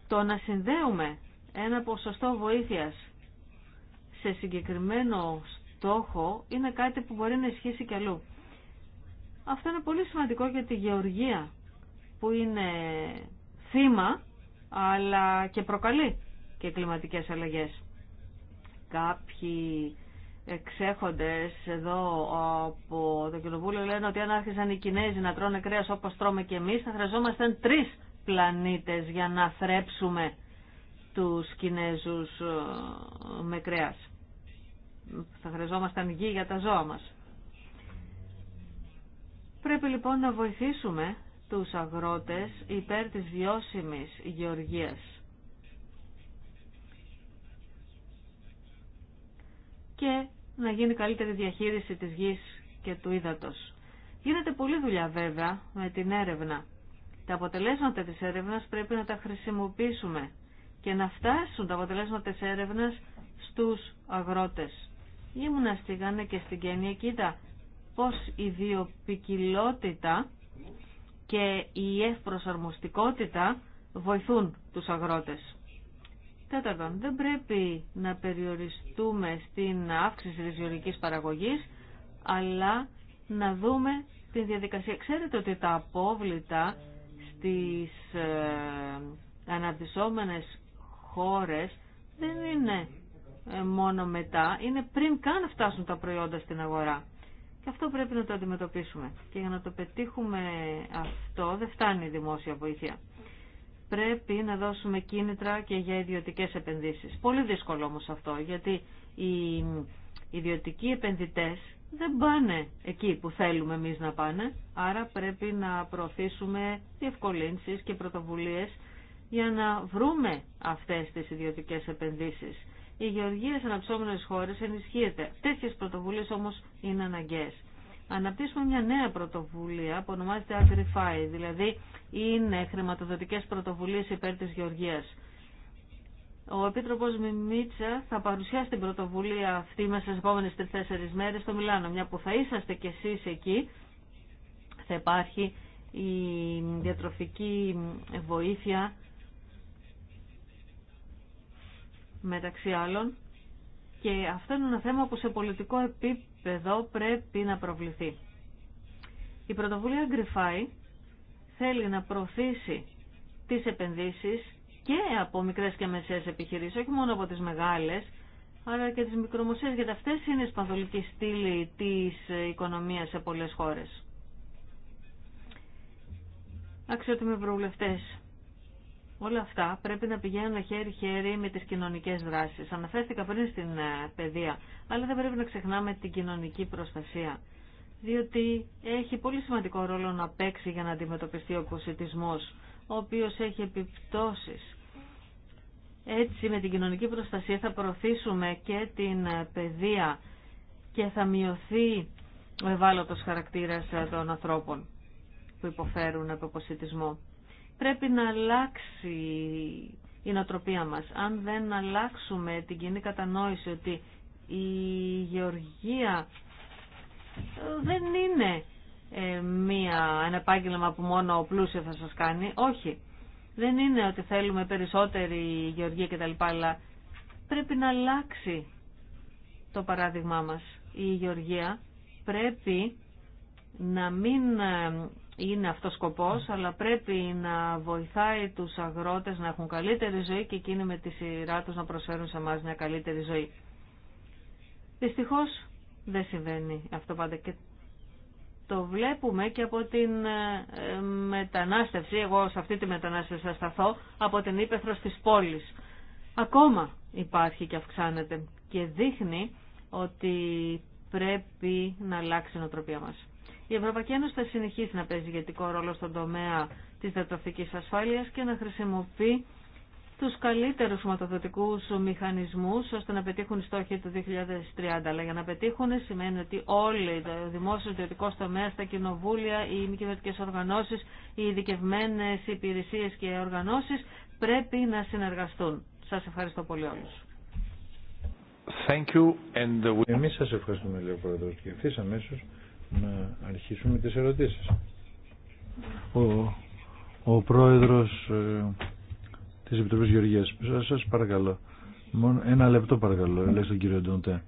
Το να συνδέουμε ένα ποσοστό βοήθειας σε συγκεκριμένο στόχο είναι κάτι που μπορεί να ισχύσει κι αλλού. Αυτό είναι πολύ σημαντικό για τη γεωργία που είναι θύμα αλλά και προκαλεί και κλιματικές αλλαγές κάποιοι εξέχοντες εδώ από το Κοινοβούλιο λένε ότι αν άρχισαν οι Κινέζοι να τρώνε κρέας όπως τρώμε και εμείς θα χρειαζόμασταν τρεις πλανήτες για να θρέψουμε τους Κινέζους ε, με κρέας. Θα χρειαζόμασταν γη για τα ζώα μας. Πρέπει λοιπόν να βοηθήσουμε τους αγρότες υπέρ της βιώσιμης γεωργίας και να γίνει καλύτερη διαχείριση της γης και του ύδατος. Γίνεται πολλή δουλειά βέβαια με την έρευνα. Τα αποτελέσματα της έρευνας πρέπει να τα χρησιμοποιήσουμε και να φτάσουν τα αποτελέσματα της έρευνας στους αγρότες. Ήμουνα στη και στην Κένια, κοίτα πως η διοπικιλότητα και η ευπροσαρμοστικότητα βοηθούν τους αγρότες. Τέταρτον, δεν πρέπει να περιοριστούμε στην αύξηση της γεωργικής παραγωγής, αλλά να δούμε τη διαδικασία. Ξέρετε ότι τα απόβλητα στις ε, αναπτυσσόμενες χώρες δεν είναι ε, μόνο μετά, είναι πριν καν φτάσουν τα προϊόντα στην αγορά. Και αυτό πρέπει να το αντιμετωπίσουμε. Και για να το πετύχουμε αυτό δεν φτάνει η δημόσια βοήθεια πρέπει να δώσουμε κίνητρα και για ιδιωτικές επενδύσεις. Πολύ δύσκολο όμως αυτό, γιατί οι ιδιωτικοί επενδυτές δεν πάνε εκεί που θέλουμε εμείς να πάνε, άρα πρέπει να προωθήσουμε διευκολύνσεις και πρωτοβουλίες για να βρούμε αυτές τις ιδιωτικές επενδύσεις. Η γεωργία σε αναψώμενες χώρες ενισχύεται. Τέτοιες πρωτοβουλίες όμως είναι αναγκαίες αναπτύσσουμε μια νέα πρωτοβουλία που ονομάζεται AgriFi, δηλαδή είναι χρηματοδοτικές πρωτοβουλίες υπέρ της Γεωργίας. Ο Επίτροπος Μιμίτσα θα παρουσιάσει την πρωτοβουλία αυτή μέσα στις επόμενες 3-4 μέρες στο Μιλάνο, μια που θα είσαστε κι εσείς εκεί, θα υπάρχει η διατροφική βοήθεια μεταξύ άλλων και αυτό είναι ένα θέμα που σε πολιτικό επίπεδο εδώ πρέπει να προβληθεί. Η πρωτοβουλία Γκριφάη θέλει να προωθήσει τις επενδύσεις και από μικρές και μεσαίες επιχειρήσεις, όχι μόνο από τις μεγάλες, αλλά και τις μικρομεσαίες, γιατί αυτές είναι η σπαθολική στήλη της οικονομίας σε πολλές χώρες. Αξιότιμοι προβλευτές Όλα αυτά πρέπει να πηγαίνουν χέρι-χέρι με τις κοινωνικές δράσεις. Αναφέρθηκα πριν στην ε, παιδεία, αλλά δεν πρέπει να ξεχνάμε την κοινωνική προστασία. Διότι έχει πολύ σημαντικό ρόλο να παίξει για να αντιμετωπιστεί ο ποσιτισμός, ο οποίος έχει επιπτώσεις. Έτσι με την κοινωνική προστασία θα προωθήσουμε και την ε, παιδεία και θα μειωθεί ο ευάλωτος χαρακτήρας ε, των ανθρώπων που υποφέρουν από κοσιτισμό. Πρέπει να αλλάξει η νοοτροπία μας. Αν δεν αλλάξουμε την κοινή κατανόηση ότι η γεωργία ε, δεν είναι ε, μία, ένα επάγγελμα που μόνο ο πλούσιο θα σας κάνει. Όχι. Δεν είναι ότι θέλουμε περισσότερη γεωργία κτλ. Αλλά πρέπει να αλλάξει το παράδειγμά μας. Η γεωργία πρέπει να μην ε, είναι αυτός σκοπός, αλλά πρέπει να βοηθάει τους αγρότες να έχουν καλύτερη ζωή και εκείνοι με τη σειρά τους να προσφέρουν σε εμάς μια καλύτερη ζωή. Δυστυχώς δεν συμβαίνει αυτό πάντα και το βλέπουμε και από την ε, μετανάστευση, εγώ σε αυτή τη μετανάστευση θα σταθώ, από την ύπεθρο της πόλης. Ακόμα υπάρχει και αυξάνεται και δείχνει ότι πρέπει να αλλάξει η νοοτροπία μας. Η Ευρωπαϊκή Ένωση θα συνεχίσει να παίζει ηγετικό ρόλο στον τομέα της διατροφικής ασφάλειας και να χρησιμοποιεί τους καλύτερους σωματοδοτικούς μηχανισμούς ώστε να πετύχουν οι στόχοι του 2030. Αλλά για να πετύχουν σημαίνει ότι όλοι, οι δημόσιο, ιδιωτικό τομέα, τα κοινοβούλια, οι μη κυβερνητικέ οργανώσεις, οι ειδικευμένε υπηρεσίες και οργανώσεις πρέπει να συνεργαστούν. Σας ευχαριστώ πολύ όλους. Thank you ευχαριστούμε, λέει ο Και να αρχίσουμε τις ερωτήσεις. Ο, ο πρόεδρος ε, της Επιτροπής Γεωργίας, σας, παρακαλώ, μόνο ένα λεπτό παρακαλώ, λέει στον κύριο Ντοντέ.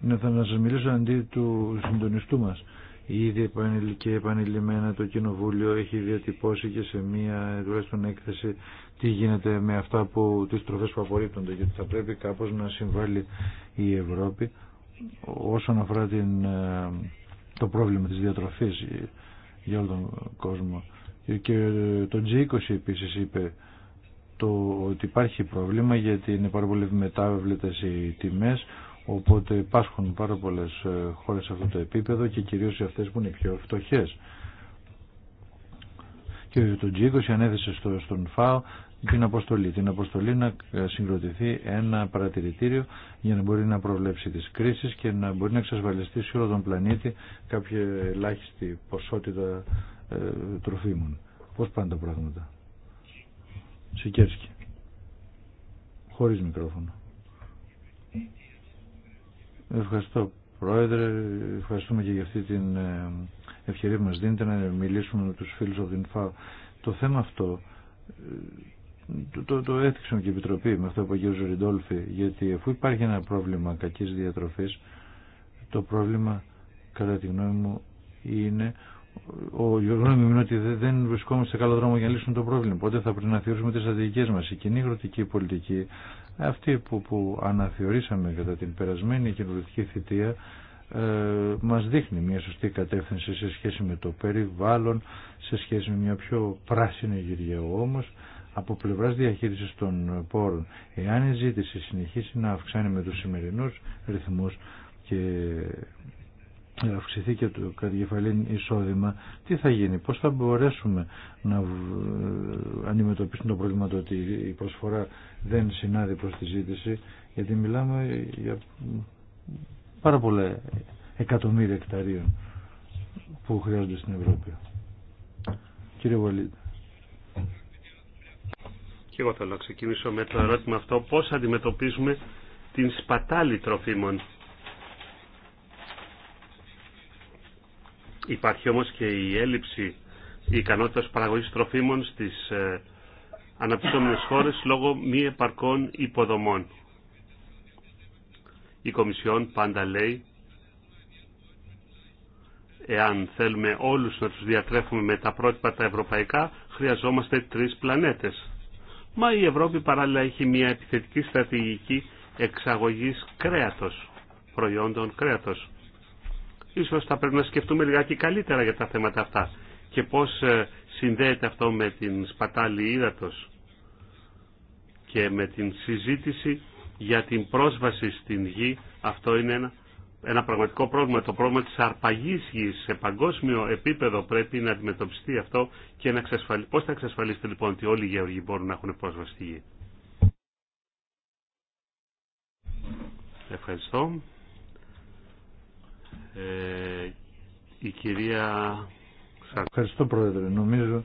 Ναι, θα να σας μιλήσω αντί του συντονιστού μας. Ήδη και επανειλημμένα το Κοινοβούλιο έχει διατυπώσει και σε μία τουλάχιστον έκθεση τι γίνεται με αυτά που τις τροφές που απορρίπτονται γιατί θα πρέπει κάπως να συμβάλλει η Ευρώπη όσον αφορά την ε, το πρόβλημα της διατροφής για όλο τον κόσμο. Και το G20 επίσης είπε το ότι υπάρχει πρόβλημα γιατί είναι πάρα πολύ μετάβλητες οι τιμές οπότε υπάρχουν πάρα πολλές ε, χώρες σε αυτό το επίπεδο και κυρίως αυτές που είναι πιο φτωχές και ο g ανέθεσε στο, στον ΦΑΟ την αποστολή. Την αποστολή να συγκροτηθεί ένα παρατηρητήριο για να μπορεί να προβλέψει τις κρίσεις και να μπορεί να εξασφαλιστεί σε όλο τον πλανήτη κάποια ελάχιστη ποσότητα ε, τροφίμων. Πώς πάνε τα πράγματα. Σικέρσκι. Χωρίς μικρόφωνο. Ευχαριστώ Πρόεδρε, ευχαριστούμε και για αυτή την ε, ευκαιρία που μας δίνεται να μιλήσουμε με τους φίλους από την ΦΑΟ. Το θέμα αυτό το, ε, το, το έθιξαν και η Επιτροπή με αυτό που είπε ο κ. Ριντόλφη, γιατί εφού υπάρχει ένα πρόβλημα κακής διατροφής, το πρόβλημα κατά τη γνώμη μου είναι ο γνώμη ότι δεν βρισκόμαστε σε καλό δρόμο για να λύσουμε το πρόβλημα. Οπότε θα πρέπει να θεωρήσουμε τι στρατηγικέ μα. Η κοινή γροτική πολιτική, αυτή που, που αναθεωρήσαμε κατά την περασμένη κοινοβουλευτική θητεία, ε, μας δείχνει μια σωστή κατεύθυνση σε σχέση με το περιβάλλον, σε σχέση με μια πιο πράσινη γυριά όμως, από πλευράς διαχείρισης των πόρων. Εάν η ζήτηση συνεχίσει να αυξάνει με τους σημερινούς ρυθμούς και αυξηθεί και το κατηγεφαλήν εισόδημα, τι θα γίνει, πώς θα μπορέσουμε να ε, αντιμετωπίσουμε το πρόβλημα το ότι η προσφορά δεν συνάδει προς τη ζήτηση, γιατί μιλάμε για πάρα πολλά εκατομμύρια εκταρίων που χρειάζονται στην Ευρώπη. Κύριε Βαλίδη. Και εγώ θέλω να ξεκινήσω με το ερώτημα αυτό πώς αντιμετωπίζουμε την σπατάλη τροφίμων. Υπάρχει όμως και η έλλειψη η ικανότητα παραγωγής τροφίμων στις ε, αναπτυσσόμενες χώρες λόγω μη επαρκών υποδομών. Η Κομισιόν πάντα λέει εάν θέλουμε όλους να τους διατρέφουμε με τα πρότυπα τα ευρωπαϊκά, χρειαζόμαστε τρεις πλανέτες. Μα η Ευρώπη παράλληλα έχει μια επιθετική στρατηγική εξαγωγής κρέατος, προϊόντων κρέατος. Ίσως θα πρέπει να σκεφτούμε λιγάκι καλύτερα για τα θέματα αυτά και πώς ε, συνδέεται αυτό με την σπατάλη ύδατος και με την συζήτηση για την πρόσβαση στην γη, αυτό είναι ένα, ένα πραγματικό πρόβλημα. Το πρόβλημα της αρπαγής γης σε παγκόσμιο επίπεδο πρέπει να αντιμετωπιστεί αυτό και να εξασφαλι... πώς θα εξασφαλίσετε λοιπόν ότι όλοι οι γεωργοί μπορούν να έχουν πρόσβαση στη γη. Ευχαριστώ. Ε, η κυρία... Ευχαριστώ Πρόεδρε. Νομίζω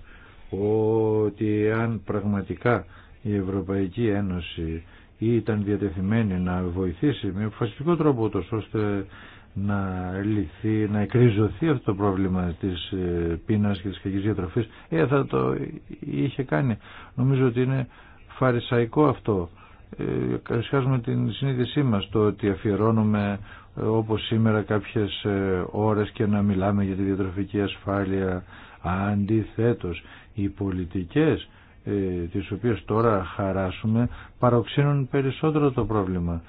ότι αν πραγματικά η Ευρωπαϊκή Ένωση ή ήταν διατεθειμένη να βοηθήσει με αποφασιστικό τρόπο ώστε να λυθεί, να εκριζωθεί αυτό το πρόβλημα της ε, πείνας και της κακής διατροφής ε, θα το είχε κάνει νομίζω ότι είναι φαρισαϊκό αυτό ε, την συνείδησή μας το ότι αφιερώνουμε ε, όπως σήμερα κάποιες ε, ώρες και να μιλάμε για τη διατροφική ασφάλεια αντιθέτως οι πολιτικές ε, τις οποίες τώρα χαράσουμε παροξύνουν περισσότερο το πρόβλημα.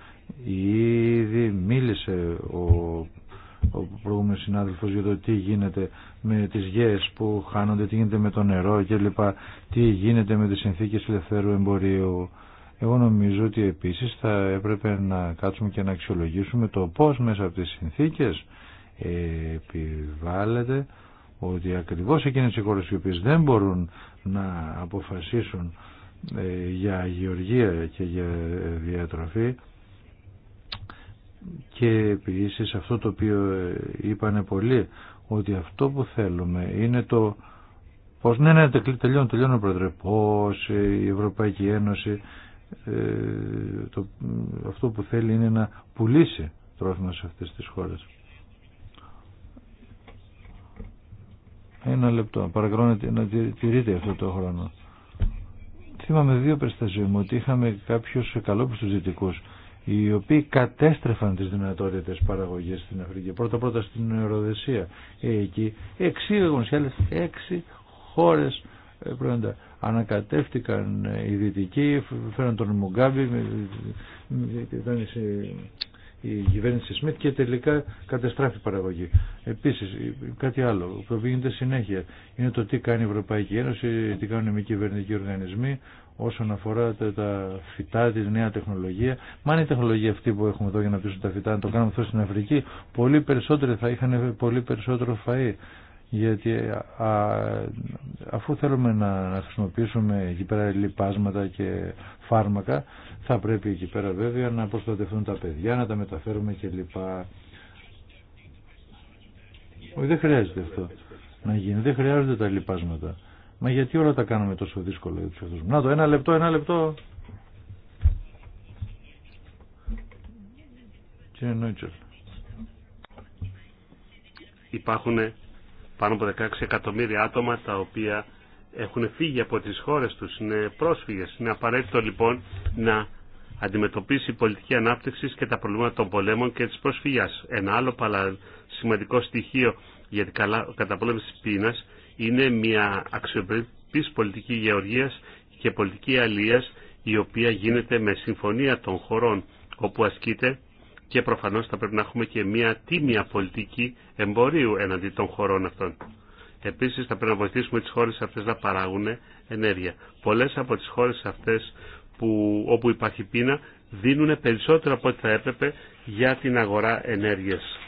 Ήδη μίλησε ο, ο προηγούμενος συνάδελφος για το τι γίνεται με τις γέες που χάνονται, τι γίνεται με το νερό κλπ. Τι γίνεται με τις συνθήκες ελευθέρου εμπορίου. Εγώ νομίζω ότι επίσης θα έπρεπε να κάτσουμε και να αξιολογήσουμε το πώς μέσα από τις συνθήκες επιβάλλεται ότι ακριβώς εκείνες οι χώρες οι οποίες δεν μπορούν να αποφασίσουν ε, για γεωργία και για ε, διατροφή και επίσης αυτό το οποίο ε, είπανε πολλοί ότι αυτό που θέλουμε είναι το πως ναι ναι τελειώνω τελειώνω πρόεδρε πως η Ευρωπαϊκή Ένωση το, αυτό που θέλει είναι να πουλήσει τρόφιμα σε αυτές τις χώρες Ένα λεπτό. Παρακαλώ να τηρείτε αυτό το χρόνο. Θυμάμαι δύο περιστασίε μου ότι είχαμε κάποιου καλόπιστου δυτικού οι οποίοι κατέστρεφαν τις δυνατότητες παραγωγής στην Αφρική. Πρώτα-πρώτα στην Ευρωδεσία. Ε, εκεί εξήγαγαν σε έξι χώρες ε, προϊόντα. Ανακατεύτηκαν ε, οι δυτικοί, φέραν τον Μουγκάμπη, ήταν σε η κυβέρνηση Σμιτ και τελικά καταστράφει παραγωγή. Επίση, κάτι άλλο που γίνεται συνέχεια είναι το τι κάνει η Ευρωπαϊκή Ένωση, τι κάνουν οι μη κυβερνητικοί οργανισμοί όσον αφορά τα φυτά, τη νέα τεχνολογία. Μα αν η τεχνολογία αυτή που έχουμε εδώ για να πείσουν τα φυτά, αν το κάνουμε αυτό στην Αφρική, πολύ περισσότεροι θα είχαν πολύ περισσότερο φαΐ γιατί αφού θέλουμε να, χρησιμοποιήσουμε εκεί πέρα λιπάσματα και φάρμακα θα πρέπει εκεί πέρα βέβαια να προστατευτούν τα παιδιά, να τα μεταφέρουμε και λοιπά. Όχι δεν χρειάζεται αυτό να γίνει, δεν χρειάζονται τα λιπάσματα. Μα γιατί όλα τα κάνουμε τόσο δύσκολα για τους Να το ένα λεπτό, ένα λεπτό. Υπάρχουν πάνω από 16 εκατομμύρια άτομα τα οποία έχουν φύγει από τις χώρες τους, είναι πρόσφυγες. Είναι απαραίτητο λοιπόν να αντιμετωπίσει η πολιτική ανάπτυξη και τα προβλήματα των πολέμων και της προσφυγιάς. Ένα άλλο σημαντικό στοιχείο για την καταπολέμηση της πείνας είναι μια αξιοπρεπής πολιτική γεωργίας και πολιτική αλίας η οποία γίνεται με συμφωνία των χωρών όπου ασκείται και προφανώς θα πρέπει να έχουμε και μια τίμια πολιτική εμπορίου εναντί των χωρών αυτών. Επίσης θα πρέπει να βοηθήσουμε τις χώρες αυτές να παράγουν ενέργεια. Πολλές από τις χώρες αυτές που, όπου υπάρχει πείνα δίνουν περισσότερο από ό,τι θα έπρεπε για την αγορά ενέργειας.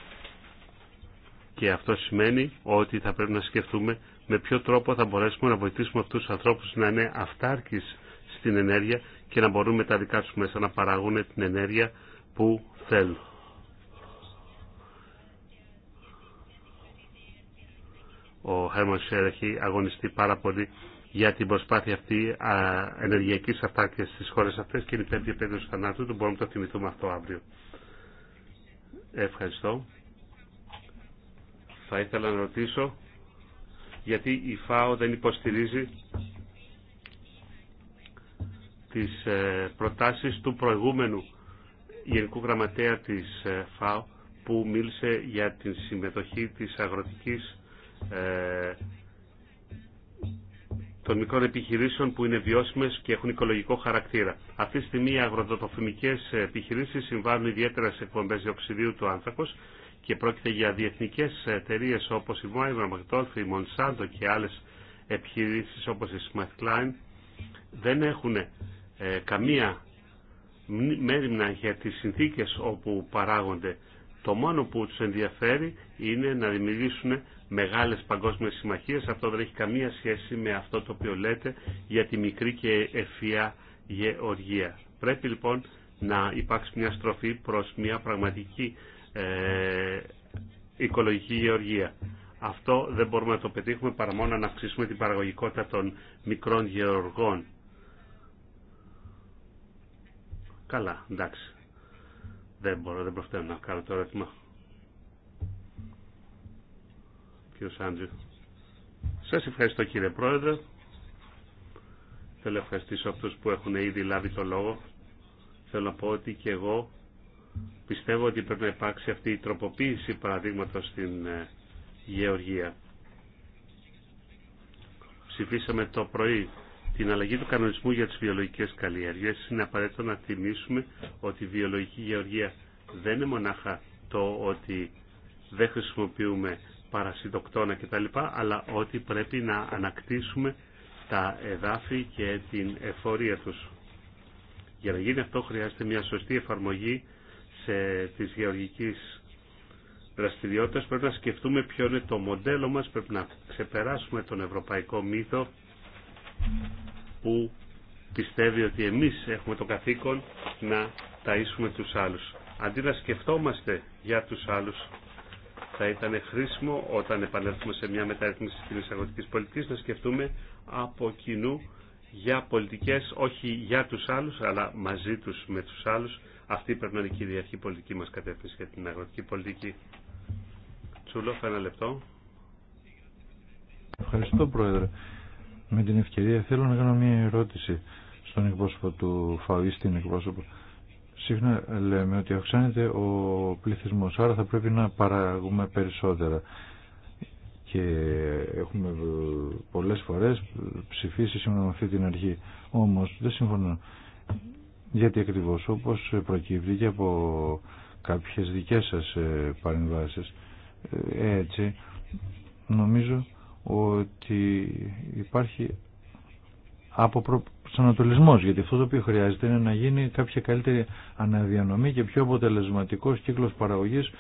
Και αυτό σημαίνει ότι θα πρέπει να σκεφτούμε με ποιο τρόπο θα μπορέσουμε να βοηθήσουμε αυτούς τους ανθρώπους να είναι αυτάρκεις στην ενέργεια και να μπορούν με τα δικά τους μέσα να παράγουν την ενέργεια που θέλουν. Ο Χέρμαν Σέρ έχει αγωνιστεί πάρα πολύ για την προσπάθεια αυτή α, ενεργειακής αυτάρκειας στις χώρες αυτές και είναι η πέμπτη του θανάτου του. Μπορούμε να το θυμηθούμε αυτό αύριο. Ευχαριστώ. Θα ήθελα να ρωτήσω γιατί η ΦΑΟ δεν υποστηρίζει τις ε, προτάσεις του προηγούμενου Γενικού Γραμματέα της ε, ΦΑΟ που μίλησε για την συμμετοχή της αγροτικής ε, των μικρών επιχειρήσεων που είναι βιώσιμες και έχουν οικολογικό χαρακτήρα. Αυτή τη στιγμή οι αγροτοφημικές επιχειρήσεις συμβάλλουν ιδιαίτερα σε εκπομπές διοξιδίου του άνθρακος και πρόκειται για διεθνικές εταιρείε όπως η Microsoft, η Μονσάντο και άλλες επιχειρήσεις όπως η SmithKline δεν έχουν ε, καμία μέρημνα για τις συνθήκες όπου παράγονται. Το μόνο που τους ενδιαφέρει είναι να δημιουργήσουν μεγάλες παγκόσμιες συμμαχίες. Αυτό δεν έχει καμία σχέση με αυτό το οποίο λέτε για τη μικρή και ευφυά γεωργία. Πρέπει λοιπόν να υπάρξει μια στροφή προς μια πραγματική ε, οικολογική γεωργία. Αυτό δεν μπορούμε να το πετύχουμε παρά μόνο να αυξήσουμε την παραγωγικότητα των μικρών γεωργών. Καλά, εντάξει. Δεν μπορώ, δεν προφταίνω να κάνω το ερώτημα. Κύριο Άντζου. Σας ευχαριστώ κύριε Πρόεδρε. Θέλω να ευχαριστήσω αυτούς που έχουν ήδη λάβει το λόγο. Θέλω να πω ότι και εγώ πιστεύω ότι πρέπει να υπάρξει αυτή η τροποποίηση παραδείγματος στην ε, Γεωργία. Ψηφίσαμε το πρωί την αλλαγή του κανονισμού για τις βιολογικές καλλιέργειες είναι απαραίτητο να θυμίσουμε ότι η βιολογική γεωργία δεν είναι μονάχα το ότι δεν χρησιμοποιούμε παρασυντοκτόνα κτλ. αλλά ότι πρέπει να ανακτήσουμε τα εδάφη και την εφορία τους. Για να γίνει αυτό χρειάζεται μια σωστή εφαρμογή σε, τις γεωργικες δραστηριότητες. Πρέπει να σκεφτούμε ποιο είναι το μοντέλο μας, πρέπει να ξεπεράσουμε τον ευρωπαϊκό μύθο που πιστεύει ότι εμείς έχουμε το καθήκον να ταΐσουμε τους άλλους. Αντί να σκεφτόμαστε για τους άλλους, θα ήταν χρήσιμο όταν επανέλθουμε σε μια μεταρρύθμιση της εισαγωγικής πολιτικής να σκεφτούμε από κοινού για πολιτικές όχι για τους άλλους αλλά μαζί τους με τους άλλους. Αυτή πρέπει να είναι η κυριαρχή πολιτική μας κατεύθυνση για την αγροτική πολιτική. Τσούλοφ, ένα λεπτό. Ευχαριστώ Πρόεδρε. Με την ευκαιρία θέλω να κάνω μια ερώτηση στον εκπρόσωπο του ΦΑΟ ή στην εκπρόσωπο. Συχνά λέμε ότι αυξάνεται ο πληθυσμός, άρα θα πρέπει να παράγουμε περισσότερα. Και έχουμε πολλές φορές ψηφίσει σύμφωνα με αυτή την αρχή. Όμως δεν συμφωνώ. Γιατί ακριβώς όπως προκύπτει από κάποιες δικές σας ε, παρεμβάσεις, ε, έτσι νομίζω ότι υπάρχει από γιατί αυτό το οποίο χρειάζεται είναι να γίνει κάποια καλύτερη αναδιανομή και πιο αποτελεσματικός κύκλος παραγωγής ε,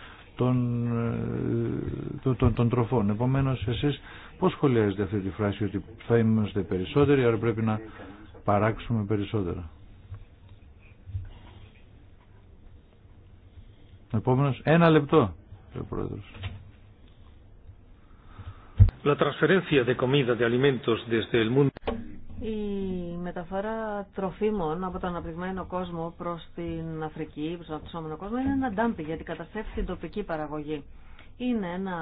των, τροφών. Επομένως, εσείς πώς σχολιάζετε αυτή τη φράση ότι θα είμαστε περισσότεροι, άρα πρέπει να παράξουμε περισσότερα. Επόμενος, ένα λεπτό, ο Πρόεδρος. Η μεταφορά τροφίμων από τον αναπτυγμένο κόσμο προς την Αφρική, προ τον κόσμο, είναι ένα ντάμπι γιατί καταστρέφει την τοπική παραγωγή. Είναι ένα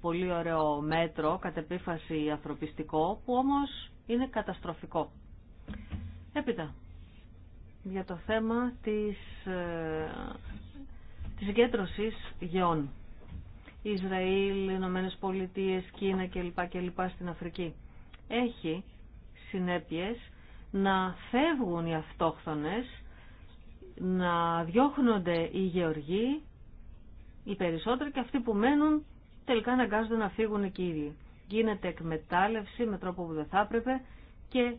πολύ ωραίο μέτρο, κατ' επίφαση ανθρωπιστικό, που όμως είναι καταστροφικό. Έπειτα, για το θέμα της, ε, της γεών Ισραήλ, Ηνωμένε Πολιτείε, Κίνα κλπ. κλπ. στην Αφρική. Έχει συνέπειες να φεύγουν οι αυτόχθονες, να διώχνονται οι γεωργοί, οι περισσότεροι και αυτοί που μένουν τελικά αναγκάζονται να φύγουν εκεί Γίνεται εκμετάλλευση με τρόπο που δεν θα έπρεπε και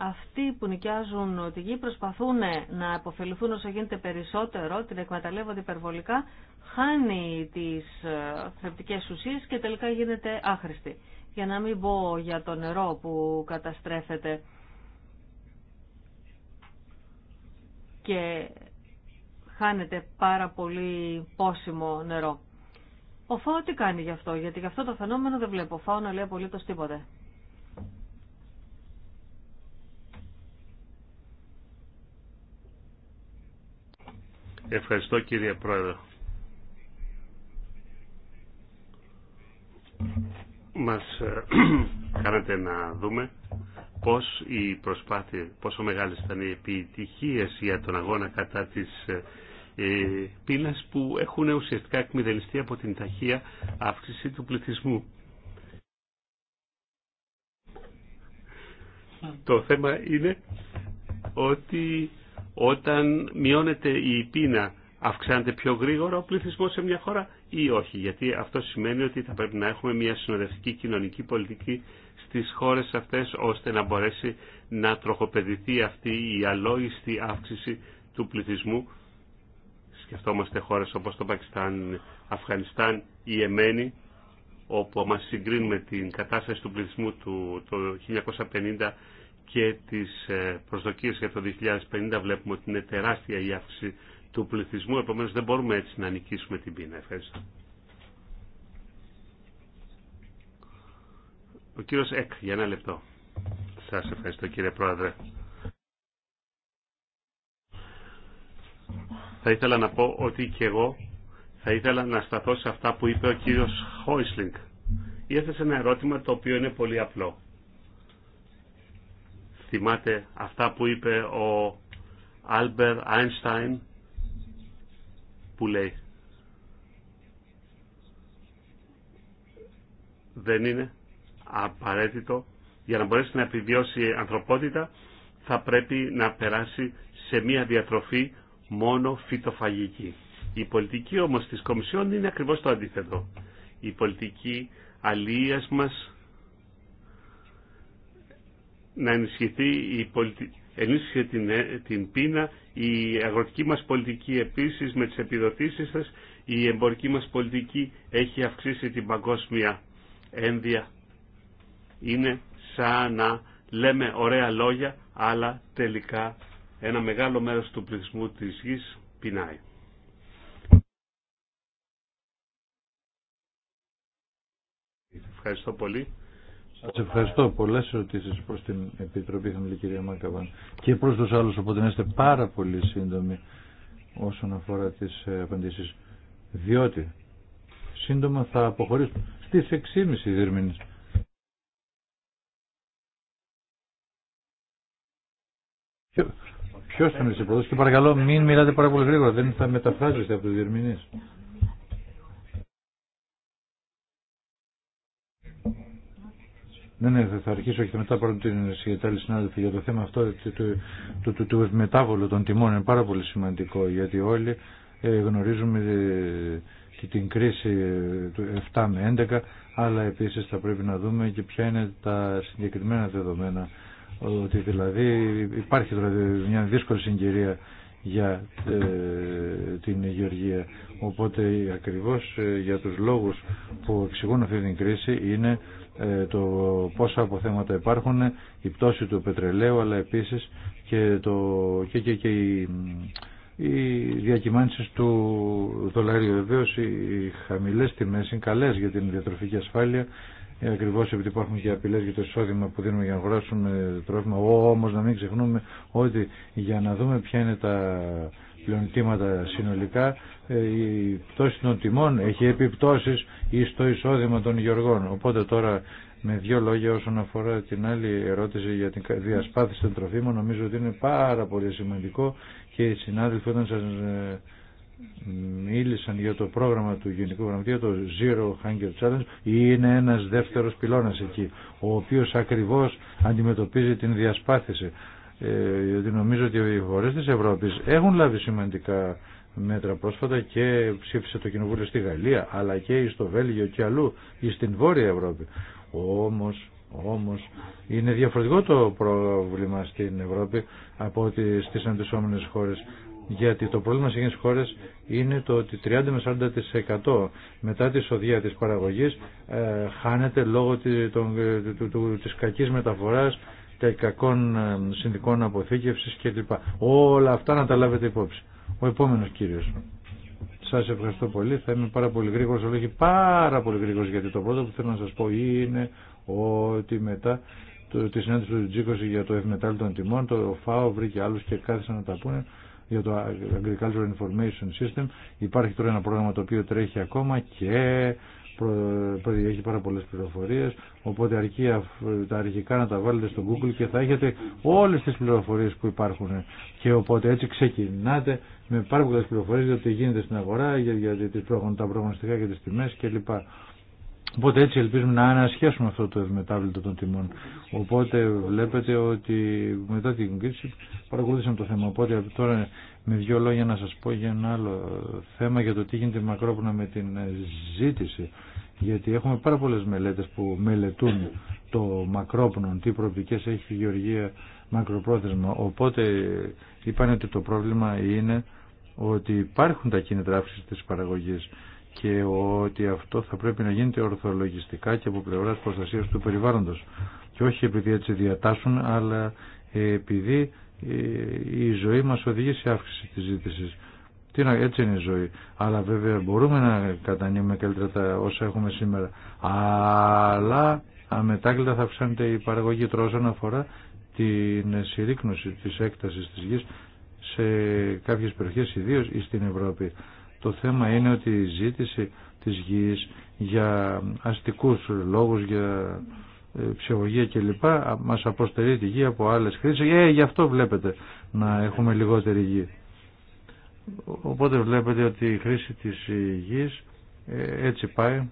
αυτοί που νοικιάζουν τη γη προσπαθούν να αποφεληθούν όσο γίνεται περισσότερο, την εκμεταλλεύονται υπερβολικά, χάνει τις ε, θρεπτικές ουσίες και τελικά γίνεται άχρηστη. Για να μην πω για το νερό που καταστρέφεται και χάνεται πάρα πολύ πόσιμο νερό. Ο ΦΑΟ τι κάνει γι' αυτό, γιατί γι' αυτό το φαινόμενο δεν βλέπω. Ο ΦΑΟ να λέει απολύτω τίποτε. Ευχαριστώ κύριε Πρόεδρε. Μας ε, κάνατε να δούμε πώς η προσπάθεια, πόσο μεγάλες ήταν οι επιτυχίες για τον αγώνα κατά της ε, ε που έχουν ουσιαστικά εκμηδενιστεί από την ταχεία αύξηση του πληθυσμού. Το θέμα είναι ότι όταν μειώνεται η πείνα αυξάνεται πιο γρήγορα ο πληθυσμό σε μια χώρα ή όχι. Γιατί αυτό σημαίνει ότι θα πρέπει να έχουμε μια συνοδευτική κοινωνική πολιτική στις χώρες αυτές ώστε να μπορέσει να τροχοπεδηθεί αυτή η αλόγιστη αύξηση του πληθυσμού. Σκεφτόμαστε χώρες όπως το Πακιστάν, Αφγανιστάν ή Εμένη όπου μας συγκρίνουμε την κατάσταση του πληθυσμού του το 1950 και τις ε, προσδοκίες για το 2050 βλέπουμε ότι είναι τεράστια η αύξηση του πληθυσμού, επομένως δεν μπορούμε έτσι να νικήσουμε την πείνα. Ευχαριστώ. Ο κύριος Εκ, για ένα λεπτό. Σας ευχαριστώ κύριε Πρόεδρε. Θα ήθελα να πω ότι και εγώ θα ήθελα να σταθώ σε αυτά που είπε ο κύριος Χόισλινγκ. σε ένα ερώτημα το οποίο είναι πολύ απλό θυμάται αυτά που είπε ο Άλμπερ Άινστάιν που λέει δεν είναι απαραίτητο για να μπορέσει να επιβιώσει η ανθρωπότητα θα πρέπει να περάσει σε μια διατροφή μόνο φυτοφαγική. Η πολιτική όμως της Κομισιόν είναι ακριβώς το αντίθετο. Η πολιτική αλίας μας να ενισχυθεί η πολιτική ενίσχυσε την, ε, την πείνα, η αγροτική μας πολιτική επίσης με τις επιδοτήσεις σας, η εμπορική μας πολιτική έχει αυξήσει την παγκόσμια ένδια. Είναι σαν να λέμε ωραία λόγια, αλλά τελικά ένα μεγάλο μέρος του πληθυσμού της γης πεινάει. Ευχαριστώ πολύ. Σας ευχαριστώ. Πολλές ερωτήσεις προς την Επιτροπή η κυρία Μάκαβαν και προς τους άλλους, οπότε να είστε πάρα πολύ σύντομοι όσον αφορά τις ε, απαντήσεις. Διότι σύντομα θα αποχωρήσουν στις 6.30 δερμηνείς. Ποιο θα μιλήσει πρώτο και παρακαλώ μην μιλάτε πάρα πολύ γρήγορα, δεν θα μεταφράζεστε από του διερμηνεί. Ναι, ναι, θα αρχίσω και μετά πάρω την συγκεκριμένη συνάδελφη για το θέμα αυτό του, μετάβολου των τιμών. Είναι πάρα πολύ σημαντικό γιατί όλοι ε, γνωρίζουμε και ε, την κρίση ε, του 7 με 11, αλλά επίσης θα πρέπει να δούμε και ποια είναι τα συγκεκριμένα δεδομένα. Ότι δηλαδή υπάρχει δηλαδή μια δύσκολη συγκυρία για την Γεωργία. Οπότε ακριβώς για τους λόγους που εξηγούν αυτή την κρίση είναι ε, το πόσα αποθέματα υπάρχουν, η πτώση του πετρελαίου, αλλά επίσης και, το, και, και, και η, οι διακυμάνσεις του δολαρίου. Βεβαίω οι χαμηλές τιμές είναι καλές για την διατροφική ασφάλεια, ε, ακριβώς επειδή υπάρχουν και απειλές για το εισόδημα που δίνουμε για να αγοράσουμε τρόφιμα. Όμως να μην ξεχνούμε ότι για να δούμε ποια είναι τα πλεονεκτήματα συνολικά. Ε, η πτώση των τιμών έχει επιπτώσεις στο εισόδημα των γεωργών. Οπότε τώρα με δύο λόγια όσον αφορά την άλλη ερώτηση για την διασπάθηση των τροφίμων νομίζω ότι είναι πάρα πολύ σημαντικό και οι συνάδελφοι όταν σας ε, μίλησαν για το πρόγραμμα του Γενικού Γραμματείου, το Zero Hunger Challenge, είναι ένας δεύτερος πυλώνας εκεί, ο οποίος ακριβώς αντιμετωπίζει την διασπάθηση. Ε, διότι νομίζω ότι οι χώρες τη Ευρώπη έχουν λάβει σημαντικά μέτρα πρόσφατα και ψήφισε το Κοινοβούλιο στη Γαλλία αλλά και στο Βέλγιο και αλλού ή στην Βόρεια Ευρώπη. Όμω, όμως είναι διαφορετικό το πρόβλημα στην Ευρώπη από ότι στις χώρε. χώρες γιατί το πρόβλημα σε εκείνες χώρες είναι το ότι 30 με 40% μετά τη σοδεία της παραγωγής ε, χάνεται λόγω τη κακή του, της κακής μεταφοράς τα κακών ε, συνδικών αποθήκευσης κλπ. Όλα αυτά να τα λάβετε υπόψη. Ο επόμενος κύριος. Σας ευχαριστώ πολύ. Θα είμαι πάρα πολύ γρήγορος, αλλά πάρα πολύ γρήγορος, γιατί το πρώτο που θέλω να σας πω είναι ότι μετά το, τη συνάντηση του Τζίκωση για το ευμετάλλιο των τιμών, το ΦΑΟ βρήκε άλλους και κάθισαν να τα πούνε για το Agricultural Information System. Υπάρχει τώρα ένα πρόγραμμα το οποίο τρέχει ακόμα και έχει πάρα πολλές πληροφορίες οπότε αρκεί τα αρχικά να τα βάλετε στο Google και θα έχετε όλες τις πληροφορίες που υπάρχουν και οπότε έτσι ξεκινάτε με πάρα πολλές πληροφορίες για τι γίνεται στην αγορά για, για τις τα προγνωστικά και τις τιμές κλπ. Οπότε έτσι ελπίζουμε να ανασχέσουμε αυτό το ευμετάβλητο των τιμών. Οπότε βλέπετε ότι μετά την κρίση παρακολουθήσαμε το θέμα. Οπότε τώρα με δύο λόγια να σας πω για ένα άλλο θέμα για το τι γίνεται μακρόπνα με την ζήτηση γιατί έχουμε πάρα πολλές μελέτες που μελετούν το μακρόπνον, τι προοπτικές έχει η γεωργία μακροπρόθεσμα. Οπότε είπαν ότι το πρόβλημα είναι ότι υπάρχουν τα κίνητρα αύξηση της παραγωγής και ότι αυτό θα πρέπει να γίνεται ορθολογιστικά και από πλευράς προστασίας του περιβάλλοντος. Και όχι επειδή έτσι διατάσσουν, αλλά επειδή ε, η ζωή μας οδηγεί σε αύξηση της ζήτησης. Τι να, έτσι είναι η ζωή. Αλλά βέβαια μπορούμε να κατανοούμε καλύτερα τα όσα έχουμε σήμερα. Αλλά αμετάκλητα θα αυξάνεται η παραγωγή όσον αφορά την συρρήκνωση της έκτασης της γης σε κάποιες περιοχές ιδίως ή στην Ευρώπη. Το θέμα είναι ότι η ζήτηση της γης για αστικούς λόγους, για ε, ψυχολογία κλπ. μας αποστερεί τη γη από άλλες χρήσεις. Ε, γι' αυτό βλέπετε να έχουμε λιγότερη γη. Οπότε βλέπετε ότι η χρήση της γης ε, έτσι πάει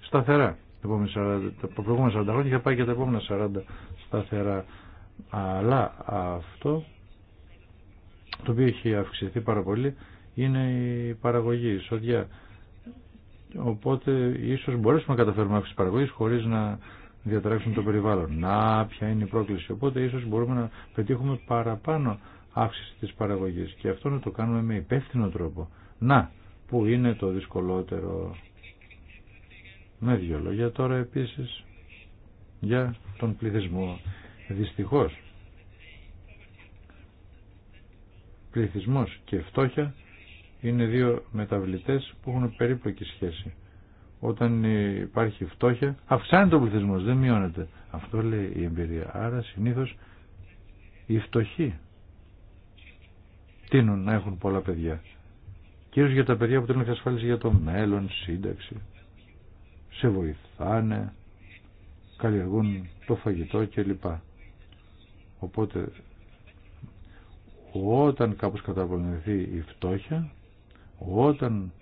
σταθερά. Τα προηγούμενα 40 χρόνια θα πάει και τα επόμενα 40 σταθερά. Αλλά αυτό το οποίο έχει αυξηθεί πάρα πολύ είναι η παραγωγή, η Οπότε ίσως μπορέσουμε να καταφέρουμε αύξηση παραγωγής χωρίς να διατράξουμε το περιβάλλον. Να, ποια είναι η πρόκληση. Οπότε ίσως μπορούμε να πετύχουμε παραπάνω αύξηση της παραγωγής και αυτό να το κάνουμε με υπεύθυνο τρόπο. Να, που είναι το δυσκολότερο. Με δύο λόγια τώρα επίσης για τον πληθυσμό. Δυστυχώς, πληθυσμός και φτώχεια είναι δύο μεταβλητές που έχουν περίπλοκη σχέση. Όταν υπάρχει φτώχεια, αυξάνεται ο πληθυσμός, δεν μειώνεται. Αυτό λέει η εμπειρία. Άρα συνήθως η φτωχή τείνουν να έχουν πολλά παιδιά. Κυρίως για τα παιδιά που θέλουν εξασφάλιση για το μέλλον, σύνταξη. Σε βοηθάνε, καλλιεργούν το φαγητό κλπ. Οπότε όταν κάπως καταπονηθεί η φτώχεια, όταν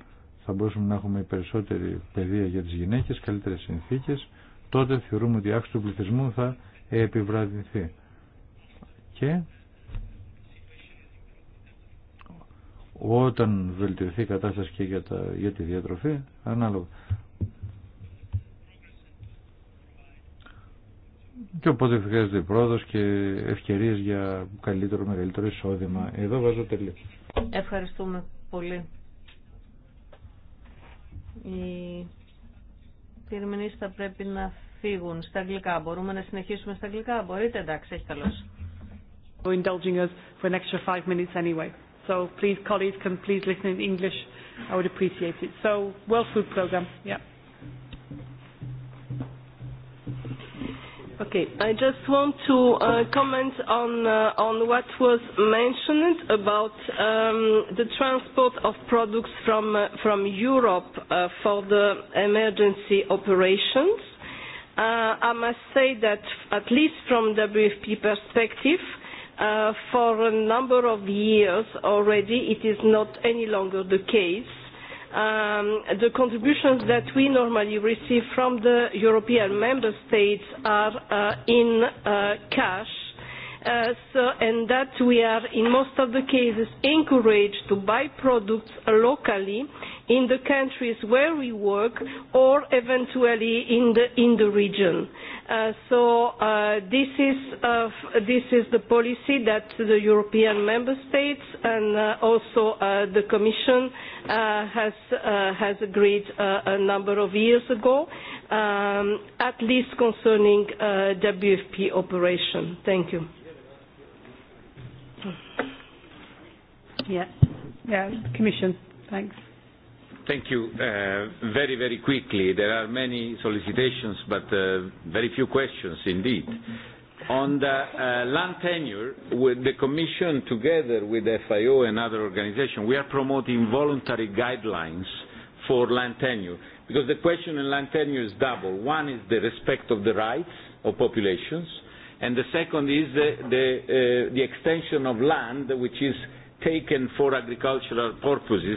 θα μπορούσαμε να έχουμε περισσότερη παιδεία για τις γυναίκες, καλύτερες συνθήκες, τότε θεωρούμε ότι η άξιση του πληθυσμού θα επιβραδυνθεί. Και όταν βελτιωθεί η κατάσταση και για, τη διατροφή ανάλογα. Και οπότε χρειάζεται πρόοδο και ευκαιρίε για καλύτερο, μεγαλύτερο εισόδημα. Εδώ βάζω τελείω. Ευχαριστούμε πολύ. Οι πυρμηνείς θα πρέπει να φύγουν στα αγγλικά. Μπορούμε να συνεχίσουμε στα αγγλικά. Μπορείτε, εντάξει, έχει καλώς. So please, colleagues, can please listen in English. I would appreciate it. So, World Food Programme, yeah. Okay, I just want to comment on on what was mentioned about um the transport of products from from Europe for the emergency operations. I must say that, at least from WFP perspective, for a number of years already it is not any longer the case. The contributions that we normally receive from the European member states are in cash and that we are in most of the cases encouraged to buy products locally in the countries where we work or eventually in the in the region. So this is this is the policy that the European Member States and also the Commission has has agreed a number of years ago, at least concerning WFP operation. Thank you. Yeah. Yeah, Commission. Thanks. Thank you. Very, very quickly. There are many solicitations, but very few questions indeed. On the land tenure, with the Commission together with FIO and other organizations, we are promoting voluntary guidelines for land tenure. Because the question in land tenure is double. One is the respect of the rights of populations, and the second is the extension of land which is taken for agricultural purposes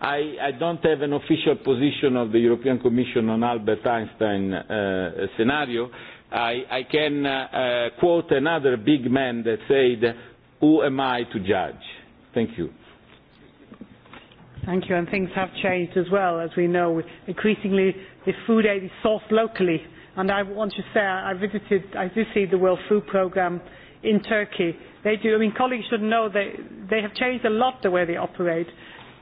I don't have an official position of the European Commission on Albert Einstein scenario. I can quote another big man that said, who am I to judge? Thank you. Thank you, and things have changed as well, as we know. Increasingly, the food aid is sourced locally, and I want to say I visited, I see the World Food Programme in Turkey. They do, I mean, colleagues should know they, they have changed a lot the way they operate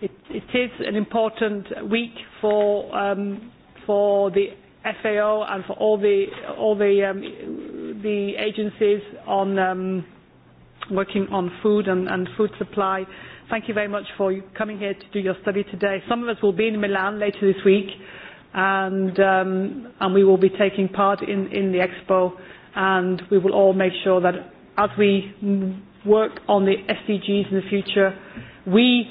It it is an important week for for the FAO and for all the all the the agencies on working on food and and food supply. Thank you very much for coming here to do your study today. Some of us will be in Milan later this week, and and we will be taking part in in the expo, and we will all make sure that as we work on the SDGs in the future, we